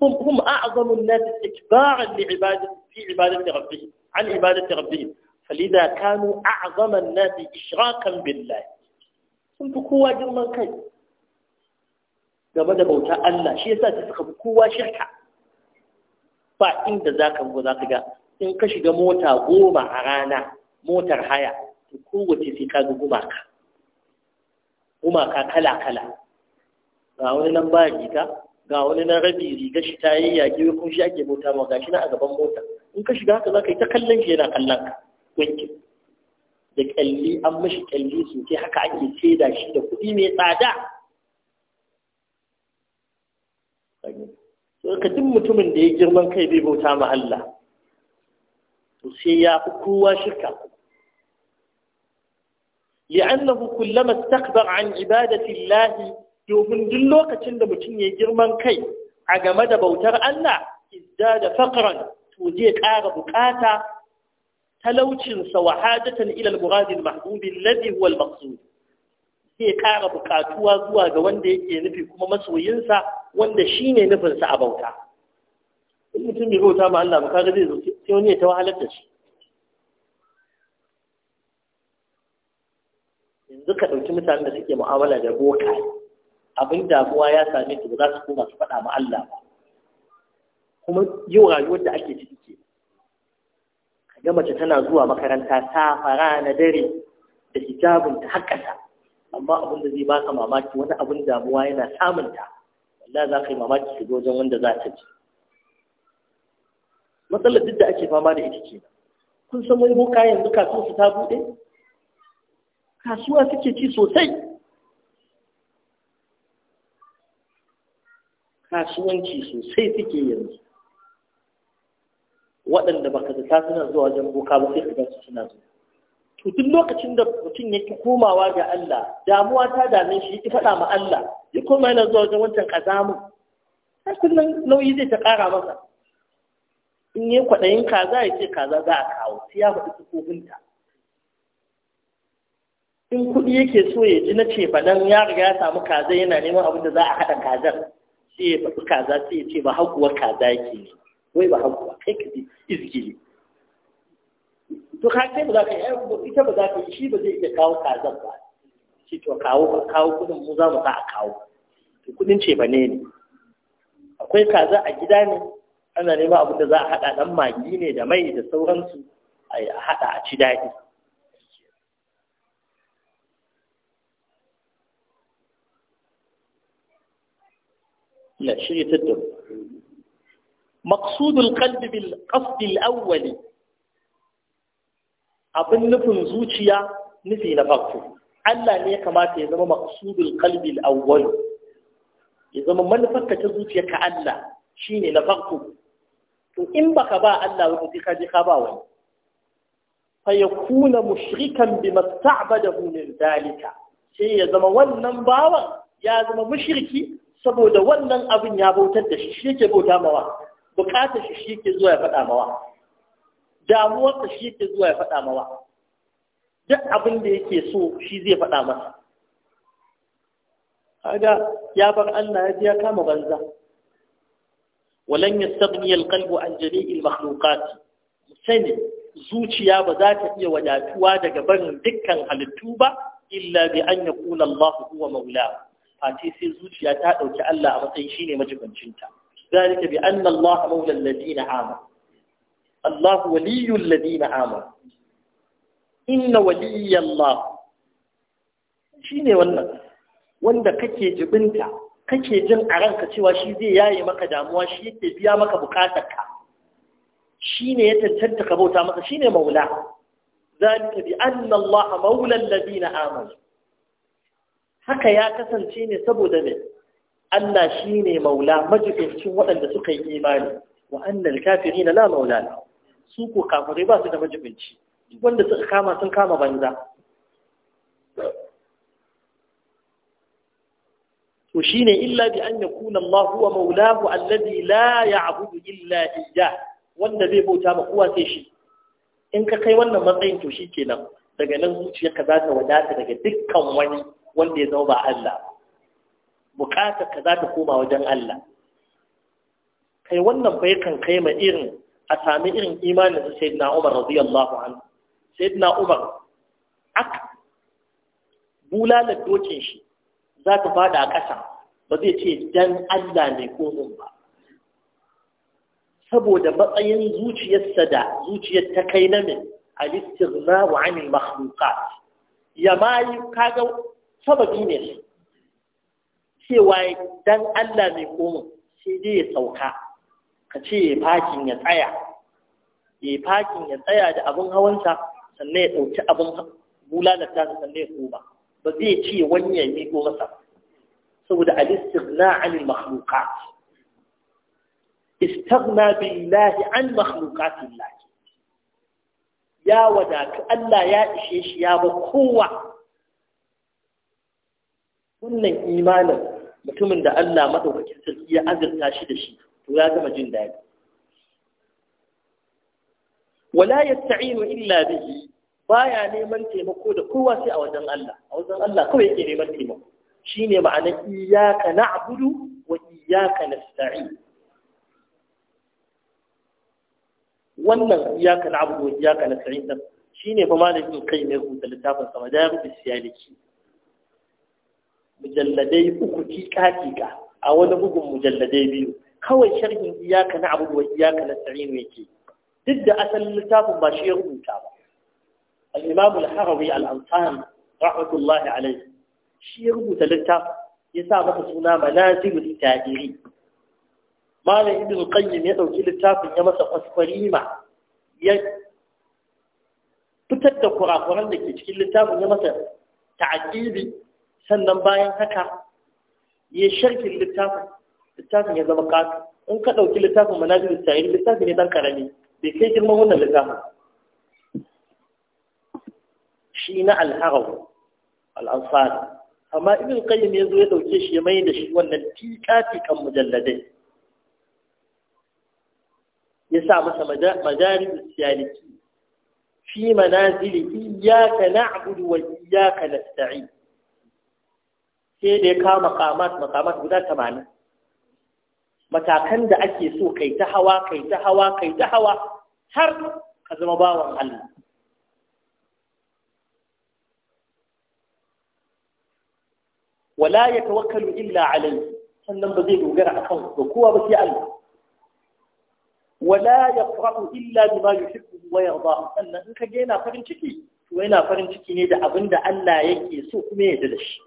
hum a'zamun nas ikbaran li ibadati fi da rabbi, an ibadati rabbihim falidha kanu a'zaman nas ishrakan billah sun fi kowa girman kai game da bauta Allah shi yasa ta suka fi kowa shirka ba inda za zaka go ka ga in ka shiga mota goma a rana motar haya kowace sai ka ga gumaka gumaka kala kala ga wani nan ba riga ga wani nan rabi riga shi ta yi yaƙi ko shi ake mota ma gashi na a gaban mota in ka shiga haka za ka yi ta kallon shi yana kallon ka wanke da kyalli an mashi kyalli sosai haka ake saida shi da kuɗi mai tsada to ka duk mutumin da ya girman kai bai bauta ma Allah to sai ya fi kowa shirka li'annahu kullama istakbar an ibadati Allah domin duk lokacin da mutum ya girman kai a game da bautar Allah izdada faqran to zai ƙara bukata talaucinsa wahadatan ila al-murad al-mahbub alladhi huwa ƙara bukatuwa zuwa ga wanda yake nufi kuma masoyinsa wanda shine nufinsa a bauta in mutum bai bauta ma Allah ba zai zo sai wani ta wahalar da shi yanzu ka ɗauki mutanen da suke mu'amala da boka abin damuwa ya same su ba za su koma su faɗa ma Allah ba kuma yau rayuwar da ake ciki ke ga mace tana zuwa makaranta ta fara na dare da hijabin ta haƙƙata amma abin da zai baka mamaki wani abin damuwa yana samunta Wanda za ka yi mamaki shiga wajen wanda za ta ji matsalar duk da ake fama da ita kenan kun san wani boka yanzu kasuwa su ta buɗe kasuwa suke ci sosai kasuwanci sosai suke yanzu waɗanda ka zata suna zuwa wajen boka ba sai ka su suna zuwa to duk lokacin da mutum ya komawa ga Allah damuwa ta dame shi ya faɗa ma Allah ya koma yana zuwa wajen wancan kazamu sai kullum nauyi zai ta ƙara masa in yi kwaɗayin kaza ya ce kaza za a kawo sai ya faɗi sukofinta in kuɗi yake so ya ji na ce faɗan ya riga ya samu kaza yana neman abin da za a haɗa kazar sai ya faɗi kaza sai ya ce ba haguwar kaza yake ne wai ba haguwa kai ka ji izgili to ka kai ba za ka yi ita ba za ka yi shi ba zai iya kawo kazar ba shi to kawo kawo kuɗin mu za mu sa a kawo to kuɗin ce ba ne ne akwai kaza a gida ne ana neman abin da za a haɗa ɗan magi ne da mai da sauransu a haɗa a ci daɗi ya shirya da maqsudul qalbi bil qasd al awwal abin nufin zuciya nufi na farko Allah ne ya kamata ya zama maqsudul qalbi al awwal ya zama manufarka ta zuciya ka Allah shine na farko to in baka ba Allah ba sai ka je ka ba wani fa yakuna mushrikan bima ta'badahu min dalika sai ya zama wannan bawan ya zama mushriki saboda wannan abin ya bautar da shi shi ke bauta mawa bukatar shi shi ke zuwa ya faɗa mawa damuwarsa shi ke zuwa ya faɗa mawa duk abin da yake so shi zai faɗa masa kaga ya bar Allah ya ji ya kama banza walan yastaghni alqalbu an jami'il almakhluqat sani zuciya ba za ta iya wadatuwa daga barin dukkan halittu ba illa bi an yaqula Allah huwa maula Fati sai zuciya ta ɗauki Allah a matsayin shine majibancinta zalika bi anna Allah maula Ladina amanu Allah waliyyu Ladina amanu inna waliyya Allah Shi ne wannan wanda kake jibinta kake jin a ranka cewa shi zai yaye maka damuwa shi yake biya maka bukatarka ne ya tantanta ka bauta masa shi ne maula zalika bi anna Allah maula Ladina amanu haka ya kasance ne saboda me Allah shi ne maula majibincin waɗanda suka yi imani wa annal kafirina la maula lahu su ko kafirai ba su da majibinci duk wanda suka kama sun kama banza to shine illa bi an yakuna Allah huwa maulahu alladhi la ya'budu illa iyyah wanda zai bauta ma kowa sai shi in ka kai wannan matsayin to shi kenan daga nan zuciyarka za ta wadata daga dukkan wani wanda ya zama ba Allah bukatar ka za ta koma wajen Allah kai wannan bai kan kai ma irin a sami irin imanin da sayyidina Umar radiyallahu anhu sayyidina Umar ak bulalar dokin shi za ta fada a ƙasa ba zai ce dan Allah ne ko ba saboda matsayin zuciyarsa da zuciyar ta kai na min al-istighna wa 'anil makhluqat ya ma yi kaga sababi ne shi cewa dan Allah mai komo sai dai ya sauka ka ce ya fakin ya tsaya ya fakin ya tsaya da abin hawansa sannan ya ɗauki abin bulalata da sannan ya koma ba zai ce wani ya miƙo masa saboda al-istighna na makhluqat istaghna billahi 'an lahi ya wadatu Allah ya ishe shi ya ba kowa wannan imanin mutumin da Allah maɗaukakin sarki ya azurta shi da shi to ya gama jin daɗi wala yasta'inu illa bihi baya neman taimako da kowa sai a wajen Allah a wajen Allah kawai yake neman taimako shine ma'anar iyyaka na'budu wa iyyaka nasta'in wannan iyyaka na'budu wa iyyaka nasta'in shine fa malamin kai mai da littafin sama da ya rubuta siyaliki mujalladai uku tika-tika a wani bugun mujalladai biyu kawai sharhin iyaka na abu wa iyaka na tsarinu yake duk da asalin littafin ba shi ya rubuta ba al-imam al-harawi al-ansari shi ya rubuta littafin ya sa masa suna manazilul tadiri malam ibnu qayyim ya dauki littafin ya masa kwaskwarima ya fitar da kurakuran da ke cikin littafin ya masa ta'adibi sannan bayan haka ya sharkin littafin littafin ya zama ƙato in ka ɗauki littafin manajin sa'ir littafin ne ɗan ƙarami bai kai girman wannan littafin shi na alharau al'ansar amma ibn qayyim ya zo ya ɗauke shi ya mai da shi wannan tiƙa-tiƙan mujalladai ya sa masa majalis siyaliki fi manazili iyyaka na'budu wa iyyaka nasta'in sai da ya kawo makamat makamat guda tamanin matakan da ake so kai ta hawa kai ta hawa kai ta hawa har ka zama bawan Allah wala ya tawakkalu illa alayhi sannan ba zai dogara akan ba kowa ba sai Allah wala yafrahu illa bima yuhibbu wa yarda sannan in ka ga yana farin ciki to yana farin ciki ne da abinda Allah yake so kuma ya yarda shi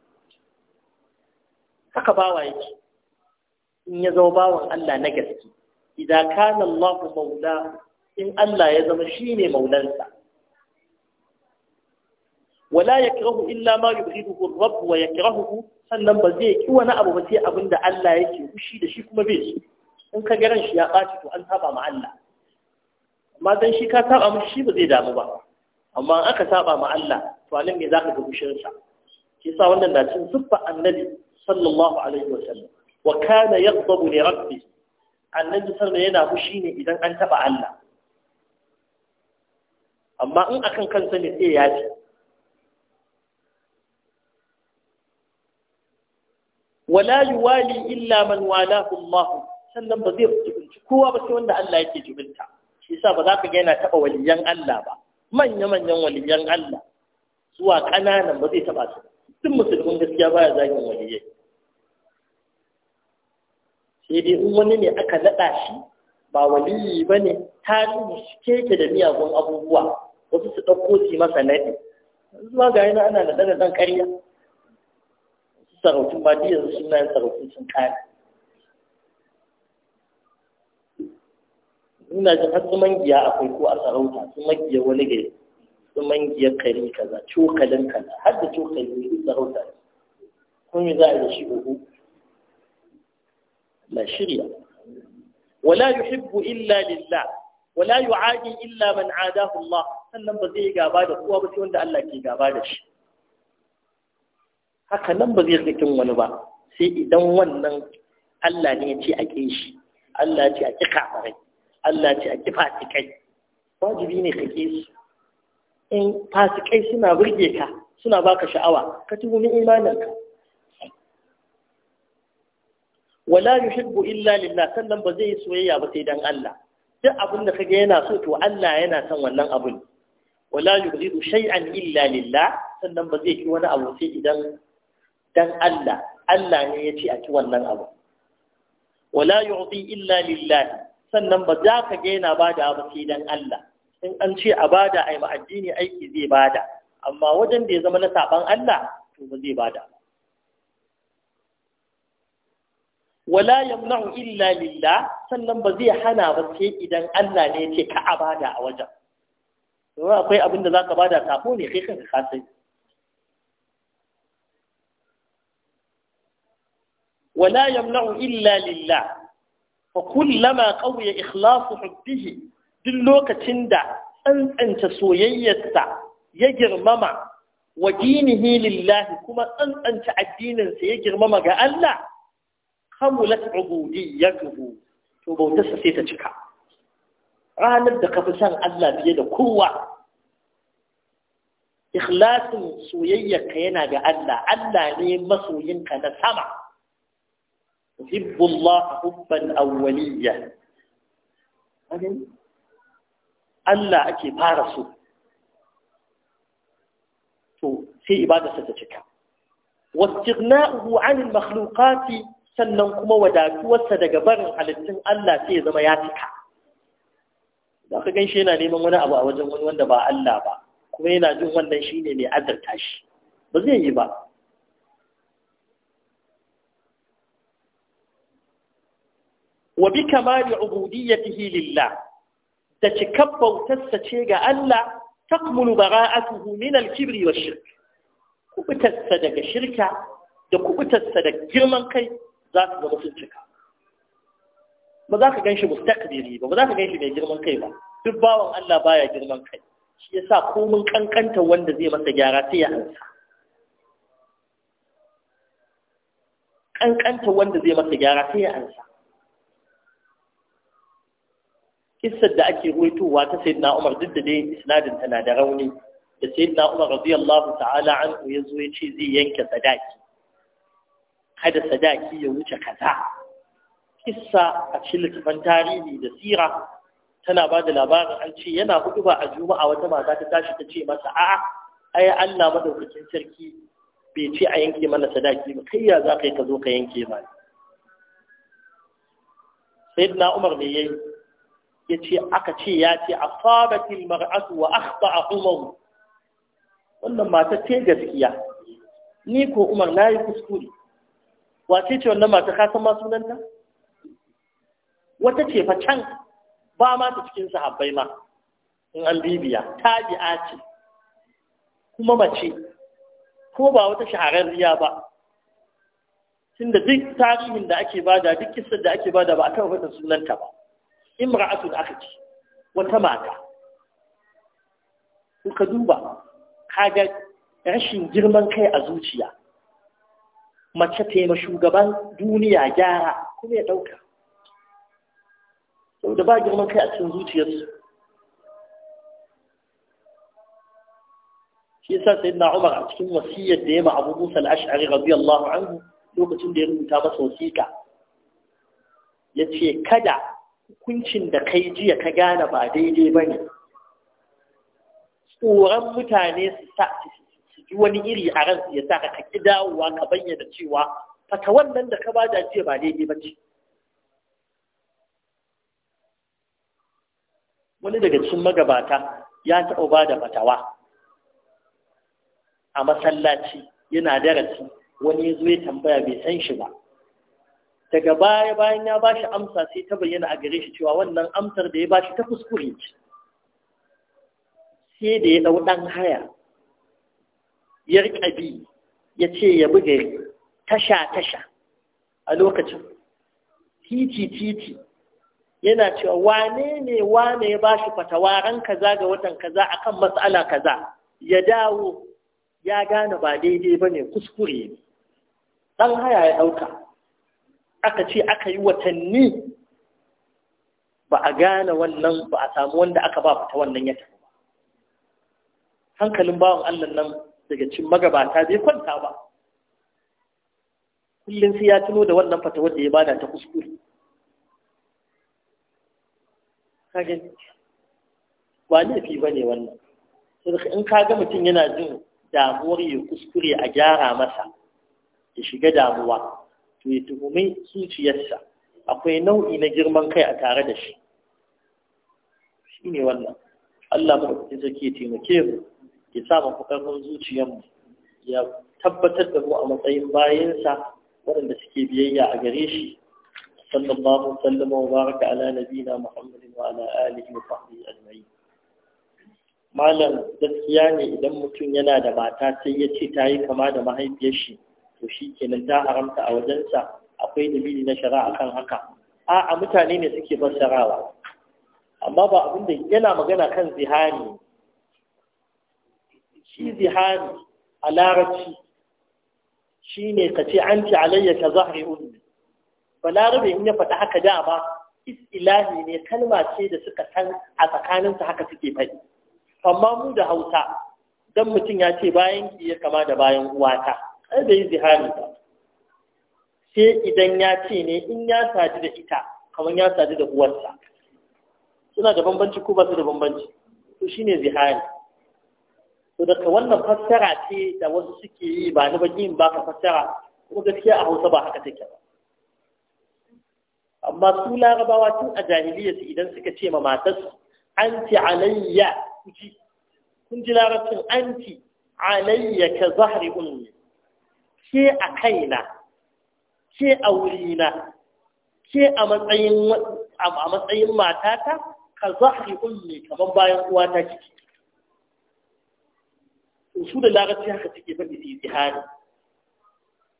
haka bawa yake in ya zama bawan Allah na gaske idan kana Allahu maula in Allah ya zama shine maulansa wala yakrahu illa ma yubghiduhu ar-rabb wa yakrahu sannan ba zai ki wani abu ba sai abinda Allah yake kushi da shi kuma bai shi. in ka garan shi ya ɓaci to an saba ma Allah amma dan shi ka saba mu shi ba zai damu ba amma in aka saba ma Allah to anan me zaka ga kushin sa shi sa wannan da cin suffa annabi sallallahu alaihi wasallam wa kana yaghdabu li rabbi annabi sallallahu yana fushi ne idan an taba Allah amma in akan kansa ne sai ya ji wala yuwali illa man walahu Allah sannan ba zai jibinci kowa ba sai wanda Allah yake jibinta shi yasa ba za ka ga yana taba waliyan Allah ba manya manyan waliyan Allah zuwa kananan ba zai taba su duk musulmin gaskiya baya zagin waliyai sai dai in wani ne aka naɗa shi ba wani yi ba ne ta shi keke da miyagun abubuwa wasu su ɗauko su masa naɗi zuwa ga yana ana da da ɗan ƙarya sarautun ba yanzu suna yin sarautun sun kare ina jin har giya akwai ko a sarauta giya wani gari giya kare kaza cokalin kaza har da cokalin sarauta kun yi za a yi da shi uku la shirya wala yuhibbu illa lillah wala yu'adi illa man adahu Allah sannan ba zai gaba da kowa ba sai wanda Allah ke gaba da shi haka nan ba zai kin wani ba sai idan wannan Allah ne ya ce a ƙi shi Allah ce a ƙi kafarai Allah ce a ƙi fasikai wajibi ne ka ke su in fasikai suna burge ka suna baka sha'awa ka tuhumi ka. wala yuhibbu illa lillah sannan ba zai yi soyayya ba sai dan Allah duk abin da kage yana so to Allah yana son wannan abin wala yubghidu shay'an illa lillah sannan ba zai ki wani abu sai idan dan Allah Allah ne ya ce a ki wannan abu wala yu'ti illa lillah sannan ba za ka gaina ba da abu sai dan Allah in an ce a bada ai ma addini aiki zai bada amma wajen da ya zama na saban Allah to ba zai bada wala yamna'u illa lillah sannan ba zai hana ba sai idan Allah ne yake ka abada a wajen don akwai abin da bada kafo ne kai kanka ka sai wala yamna'u illa lillah fa kullama ƙauye ikhlasu hubbihi duk lokacin da tsantsanta soyayyarsa ya girmama wa dinihi lillahi kuma tsantsanta addininsa ya girmama ga Allah kamulat ubudiyyatuhu to bautarsa sai ta cika ranar da kafi san Allah fiye da kowa ikhlasin soyayyarka yana ga Allah Allah ne masoyinka na sama hibbullah hubban awwaliyya Allah ake fara so to sai ibadarsa ta cika واستغناؤه عن المخلوقات sannan kuma wadatuwarsa daga barin halittun Allah sai ya zama ya cika za ka gan yana neman wani abu a wajen wani wanda ba Allah ba kuma yana jin wannan shi ne mai azarta shi ba zai yi ba wa bi kamali ubudiyyatihi lillah da cikar bautarsa ce ga Allah takmulu bara'atuhu min al wa shirka. kubutarsa daga shirka da kubutarsa da girman kai ذات مبسط شكا مذاك قنش مستقبيري مذاك قنش بي جرمان كيبا تباوان ألا بايا جرمان كيبا شي يسا قومن كان كانت واند زي ما سجاراتي أنسا كان كانت واند زي ما سجاراتي أنسا كيسا دا أكي غويتو واتا سيدنا عمر ضد دي إسناد انتنا دروني سيدنا عمر رضي الله تعالى عنه يزوي شي زي ينكا سجاكي kada sadaki ya wuce kaza kissa a cikin littafin tarihi da sira tana ba da labarin an ce yana hudu ba a juma'a wata mata ta tashi ta ce masa a'a ai Allah madaukakin sarki bai ce a yanke mana sadaki ba kai ya za ka yi ka zo ka yanke ba sayyidina Umar ne yayi yace aka ce ya ce asabatil mar'atu wa akhta'a Umar wannan mata ce gaskiya ni ko Umar nayi kuskure wace ce wannan mata ka san ma nan? wata ce fa can ba ma ta cikin sahabbai ma in an bibiya tabi'a ce kuma mace ko ba wata shahararriya ba tunda duk tarihin da ake bada duk kisar da ake bada ba a taɓa faɗin sunanta ba da aka ce wata mata in ka duba kaga rashin girman kai a zuciya mace taima shugaban duniya gyara kuma ya ɗauka sau da ba girman kai a cikin zuciyarsu shi sa sai na umar a cikin wasiyar da ya ma abu musa al'ashari radiyallahu anhu lokacin da ya rubuta masa wasiƙa ya ce kada hukuncin da kai jiya ka gane ba daidai ba ne tsoron mutane su Yi wani iri a ran ya sa ka ki dawowa ka bayyana cewa fata wannan da ka ba da ce ba daidai ba ce wani daga cikin magabata ya taɓa ba da fatawa a masallaci yana darasi wani ya zo ya tambaya bai san shi ba daga baya bayan ya ba shi amsa sai ta bayyana a gare shi cewa wannan amsar da ya ba shi ta kuskure ce sai da ya ɗau ɗan haya ya riƙa bi ya ce ya buga tasha-tasha a lokacin titi-titi yana cewa wane ne wane ya ba shi fatawaran kaza ga watan kaza akan matsala kaza ya dawo ya gane ba daidai ba ne kuskure ne ɗan haya ya ɗauka aka ce aka yi watanni ba a gane wannan ba a samu wanda aka ba fata wannan ya tafi ba. hankalin bawan allah nan daga cin magabata bai kwanta ba kullum sai ya tuno da wannan fata wadda ya bada ta kuskure kage ba laifi ba ne wannan in ka ga mutum yana jin damuwar ya kuskure a gyara masa ya shiga damuwa to ya tuhumi zuciyarsa akwai nau'i na girman kai a tare da shi shi ne wannan Allah mu da kuke taimake mu ya sa mafi ƙarfin zuciyarmu ya tabbatar da mu a matsayin bayansa waɗanda suke biyayya a gare shi sallallahu sallama wa baraka ala nabina muhammadin wa ala alihi wa sahbihi ajma'in malam gaskiya ne idan mutum yana da mata sai ya ce ta yi kama da mahaifiyar shi to shi kenan ta haramta a wajensa akwai dalili na shari'a kan haka a'a mutane ne suke fassarawa amma ba abin da yana magana kan zihari shi zihari a larabci shi ne ka ce an ci alayya ka zahari ba balarabe in ya faɗi haka da ba istilahi ne kalma ce da suka san a tsakaninsa haka suke faɗi amma mu da hausa don mutum ya ce bayan ki ya kama da bayan uwata ai bai zihari ba sai idan ya ce ne in ya sadu da ita kamar ya sadu da uwarsa suna da bambanci ko ba su da bambanci to shine zihari to daga wannan fassara ce da wasu suke yi ba ni bakin ba ka fassara kuma gaskiya a hausa ba haka take ba amma su larabawa tun a jahiliya su idan suka ce ma matarsu anti alayya kuji kun ji larabcin anti alayya ka zahri ummi ke a kaina ke a wurina ke a matsayin a matsayin matata ka zahri ummi kaman bayan uwata kike su da larabci haka suke faɗi su yi zihari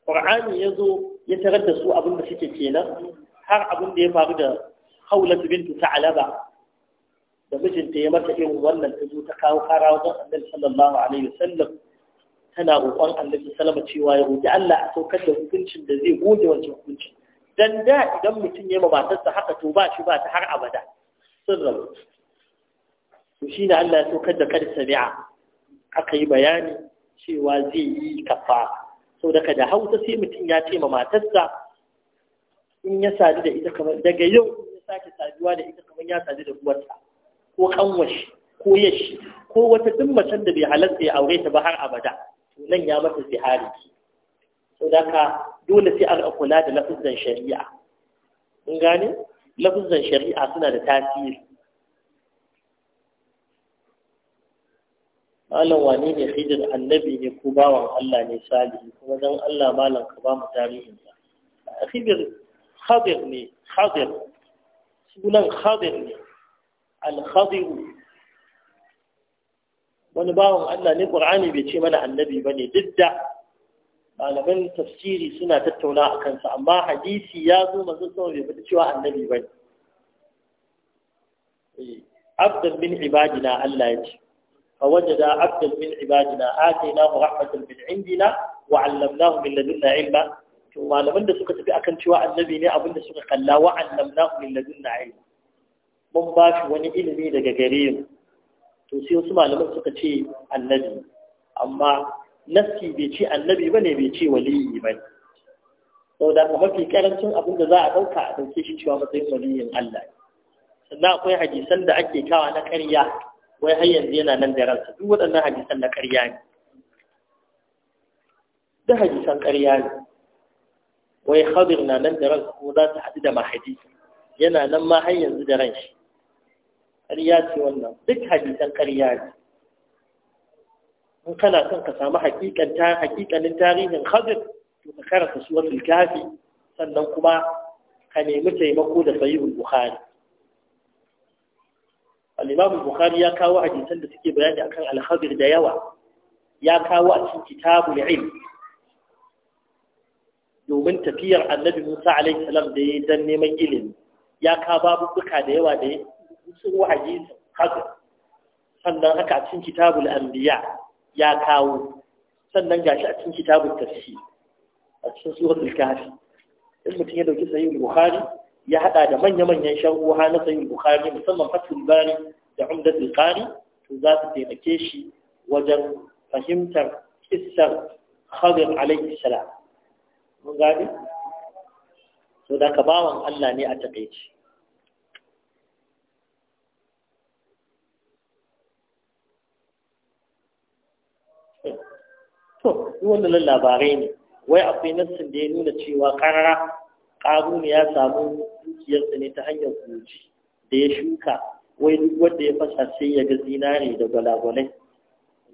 ƙur'ani ya zo ya tarar da su abin da suke kenan har abin da ya faru da haulat bintu ta'alaba da mijinta ya mata irin wannan ta zo ta kawo kara wajen annabi sallallahu alaihi wasallam tana roƙon annabi salama cewa ya roƙi Allah a saukar da hukuncin da zai goge wancan hukuncin dan da idan mutum ya ma matarsa haka to ba shi ba ta har abada sun rabu to shine Allah ya saukar da kada sabi'a aka yi bayani cewa zai yi kafa. sau daga da hausa sai mutum ya ce ma matarsa in ya sadu da ita kamar daga yau in ya sake saduwa da ita kamar ya sadu da uwarsa ko kanwashi ko yashi ko wata duk macen da bai halarta ya aure ta ba har abada to nan ya mata zihari sau daga dole sai an kula da lafizan shari'a in gane lafizan shari'a suna da tasiri malam Wani ne hijir annabi ne ko bawan Allah ne salihi kuma dan Allah malam ka ba mu tarihin sa hijir khadir ne khadir sunan khadir ne al khadir wani bawan Allah ne Qur'ani bai ce mana annabi bane duk da malaman tafsiri suna tattauna a kansa amma hadisi ya zo manzon sama bai fita cewa annabi bane eh, abdan bin ibadina Allah ya ce فوجد عبدا من عبادنا آتيناه رحمة من عندنا وعلمناه من لدنا علما ثم لمن سكت بأكن شواء النبي ني أبن سكت قال وعلمناه من لدنا علما من باش وني إلمي لك قريب توسي وسمع لمن سكت النبي أما نفسي بيشي النبي بني بيشي ولي من saboda kuma mafi karancin abin da za a ɗauka a ɗauke shi cewa matsayin waliyin Allah sannan akwai hadisan da ake kawa na ƙarya wai har yanzu yana nan da ransa duk waɗannan hadisan na ƙarya ne duk hadisan ƙarya ne wai hadir na nan da ransa kuma za ta haɗu da mahadi yana nan ma har yanzu da ranshi ƙarya ce wannan duk hadisan ƙarya ne in kana son ka samu hakikanin tarihin hadir to ka karanta suwar kafi sannan kuma ka nemi taimako da sahihul bukhari al-imam bukhari ya kawo hadisan da suke bayani akan al-khabir da yawa ya kawo a cikin kitabul ilm domin tafiyar annabi Musa alaihi salam da ya dan neman ilimi ya ka babubuka da yawa da sun wahayi haka sannan haka a cikin kitabul anbiya ya kawo sannan gashi a cikin kitabul tafsir a cikin suratul kafi in mutum ya dauki sahih bukhari ya hada da manya-manyan sharhuha na sahih bukhari musamman fatul bari da umdatul qari to za su taimake shi wajen fahimtar kissar khadir alaihi salam mun gani so da ka bawan Allah ne a takeici to wannan labarai ne wai akwai nassin da ya nuna cewa karara ƙaruni ya samu dukiyarsa ne ta hanyar kuci da ya shuka wai duk wanda ya fasa sai ya ga zinare da gwalagwalai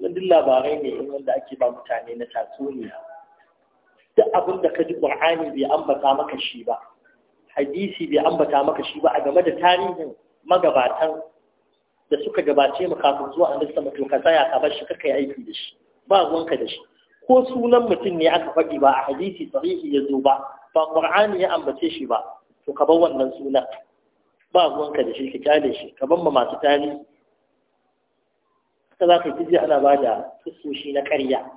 wannan duk labarai ne in wanda ake ba mutane na tatsuniya duk abin da ka ji bai ambata maka shi ba hadisi bai ambata maka shi ba a game da tarihin magabatan da suka gabace mu kafin zuwa annabi ka tsaya ka bar shi aiki da shi ba ruwanka da shi ko sunan mutum ne aka faɗi ba a hadisi sahihi ya zo ba ba qur'ani ya ambace shi ba to ka bar wannan sunan ba ruwanka da shi ka kyale shi ka bar ma masu tani. ka za ka yi ana ba da fuskoshi na ƙarya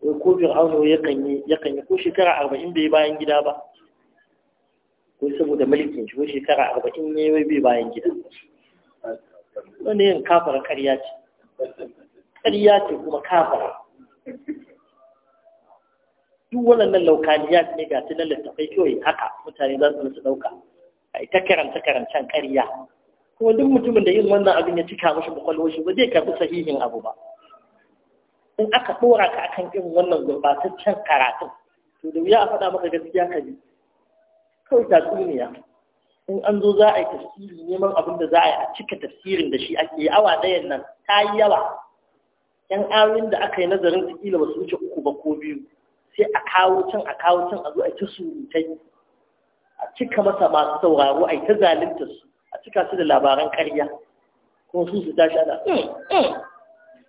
ko ko fir'auno yakan yi ko shekara arba'in bai bayan gida ba ko saboda mulkin shi ko shekara arba'in ne wai bai bayan gida wani yin kafara ƙarya ce ƙarya ce kuma kafara duk waɗannan laukaniyat ne ga tunan littafai kawai haka mutane za su su ɗauka a ita karanta karancen ƙarya kuma duk mutumin da yin wannan abin ya cika mashi kwakwalwar shi ba zai karɓi sahihin abu ba in aka ɗora ka akan irin wannan gurɓataccen karatun to da wuya a faɗa maka gaskiya ka bi kawai tatsuniya in an zo za a yi tafsiri neman abin da za a yi a cika tafsirin da shi ake yi awa ɗayan nan ta yi yawa yan ayoyin da aka yi nazarin su kila ba su wuce uku ba ko biyu sai a kawo can a kawo can a zo a ta surutai a cika masa masu sauraro a ta zalunta su a cika su da labaran karya kuma su su tashi ana mm, mm.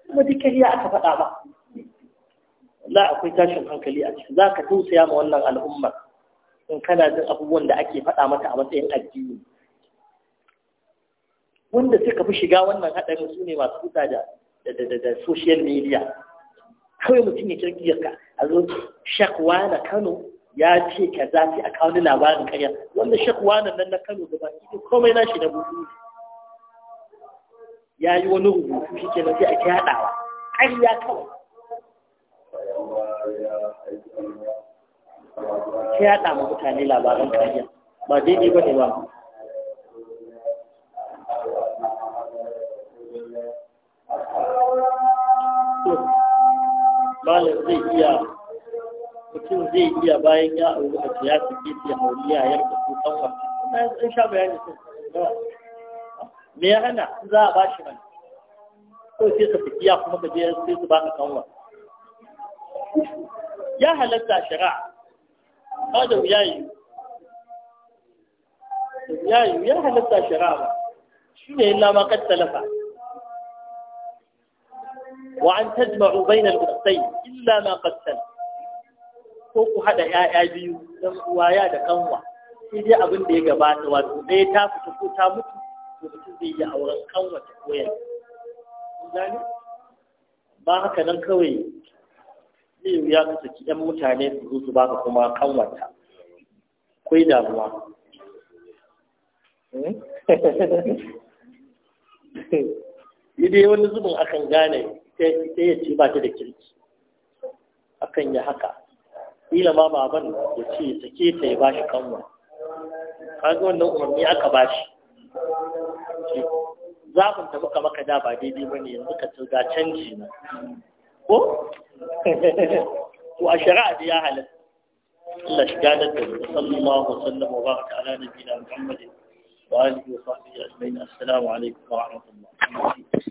kuma duk karya aka faɗa ba la akwai tashin hankali a ciki za ka tausaya ma wannan al'ummar in kana jin abubuwan da ake faɗa mata a matsayin addini wanda suka fi shiga wannan haɗarin su ne masu kusa da social media kawai mutum ya kirki yarka a zo shakwa na kano ya ce ka zafi a kawo labarin karya wanda shakwa na nan na kano gaba ki komai na shi da buku ya yi wani rubutu shi ke sai a kyaɗawa ƙarya kawai kyaɗa ma mutane labaran karya ba daidai ba ne ba malam zai iya mutum zai iya bayan ya auri mace ya sake ta ya auri yayar da ko kanwa na sha bayani sun me ya hana za a bashi mana ko sai ka saki ya kuma ka je sai su baka kanwa ya halatta shari'a ba da wuya yi ya yi ya halatta shari'a ba shi ne illa ma kan talafa وأن تجمعوا بين الأختين إلا ما قد سن ko ku haɗa ‘ya'ya biyu don waya da kanwa sai dai abin da ya gabata wato ɗaya ta fita ko ta mutu to mutum zai yi auren kanwa ta koyar ba haka nan kawai zai ya ka saki ‘yan mutane su zo su baka kuma kanwata akwai damuwa yi dai wani zubin akan gane sai ya ce ba ta da kirki akan ya haka kila ma baban ya ce sake ta ya bashi kanwa kaga wannan umarni aka bashi zafin da muka maka da ba daidai ba ne yanzu ka ga canji na ko ko a shari'a da ya halatta Allah shi gadar da mu sallallahu alaihi wasallam wa baraka ala nabiyina Muhammadin wa alihi wa sahbihi ajma'in assalamu alaikum wa rahmatullah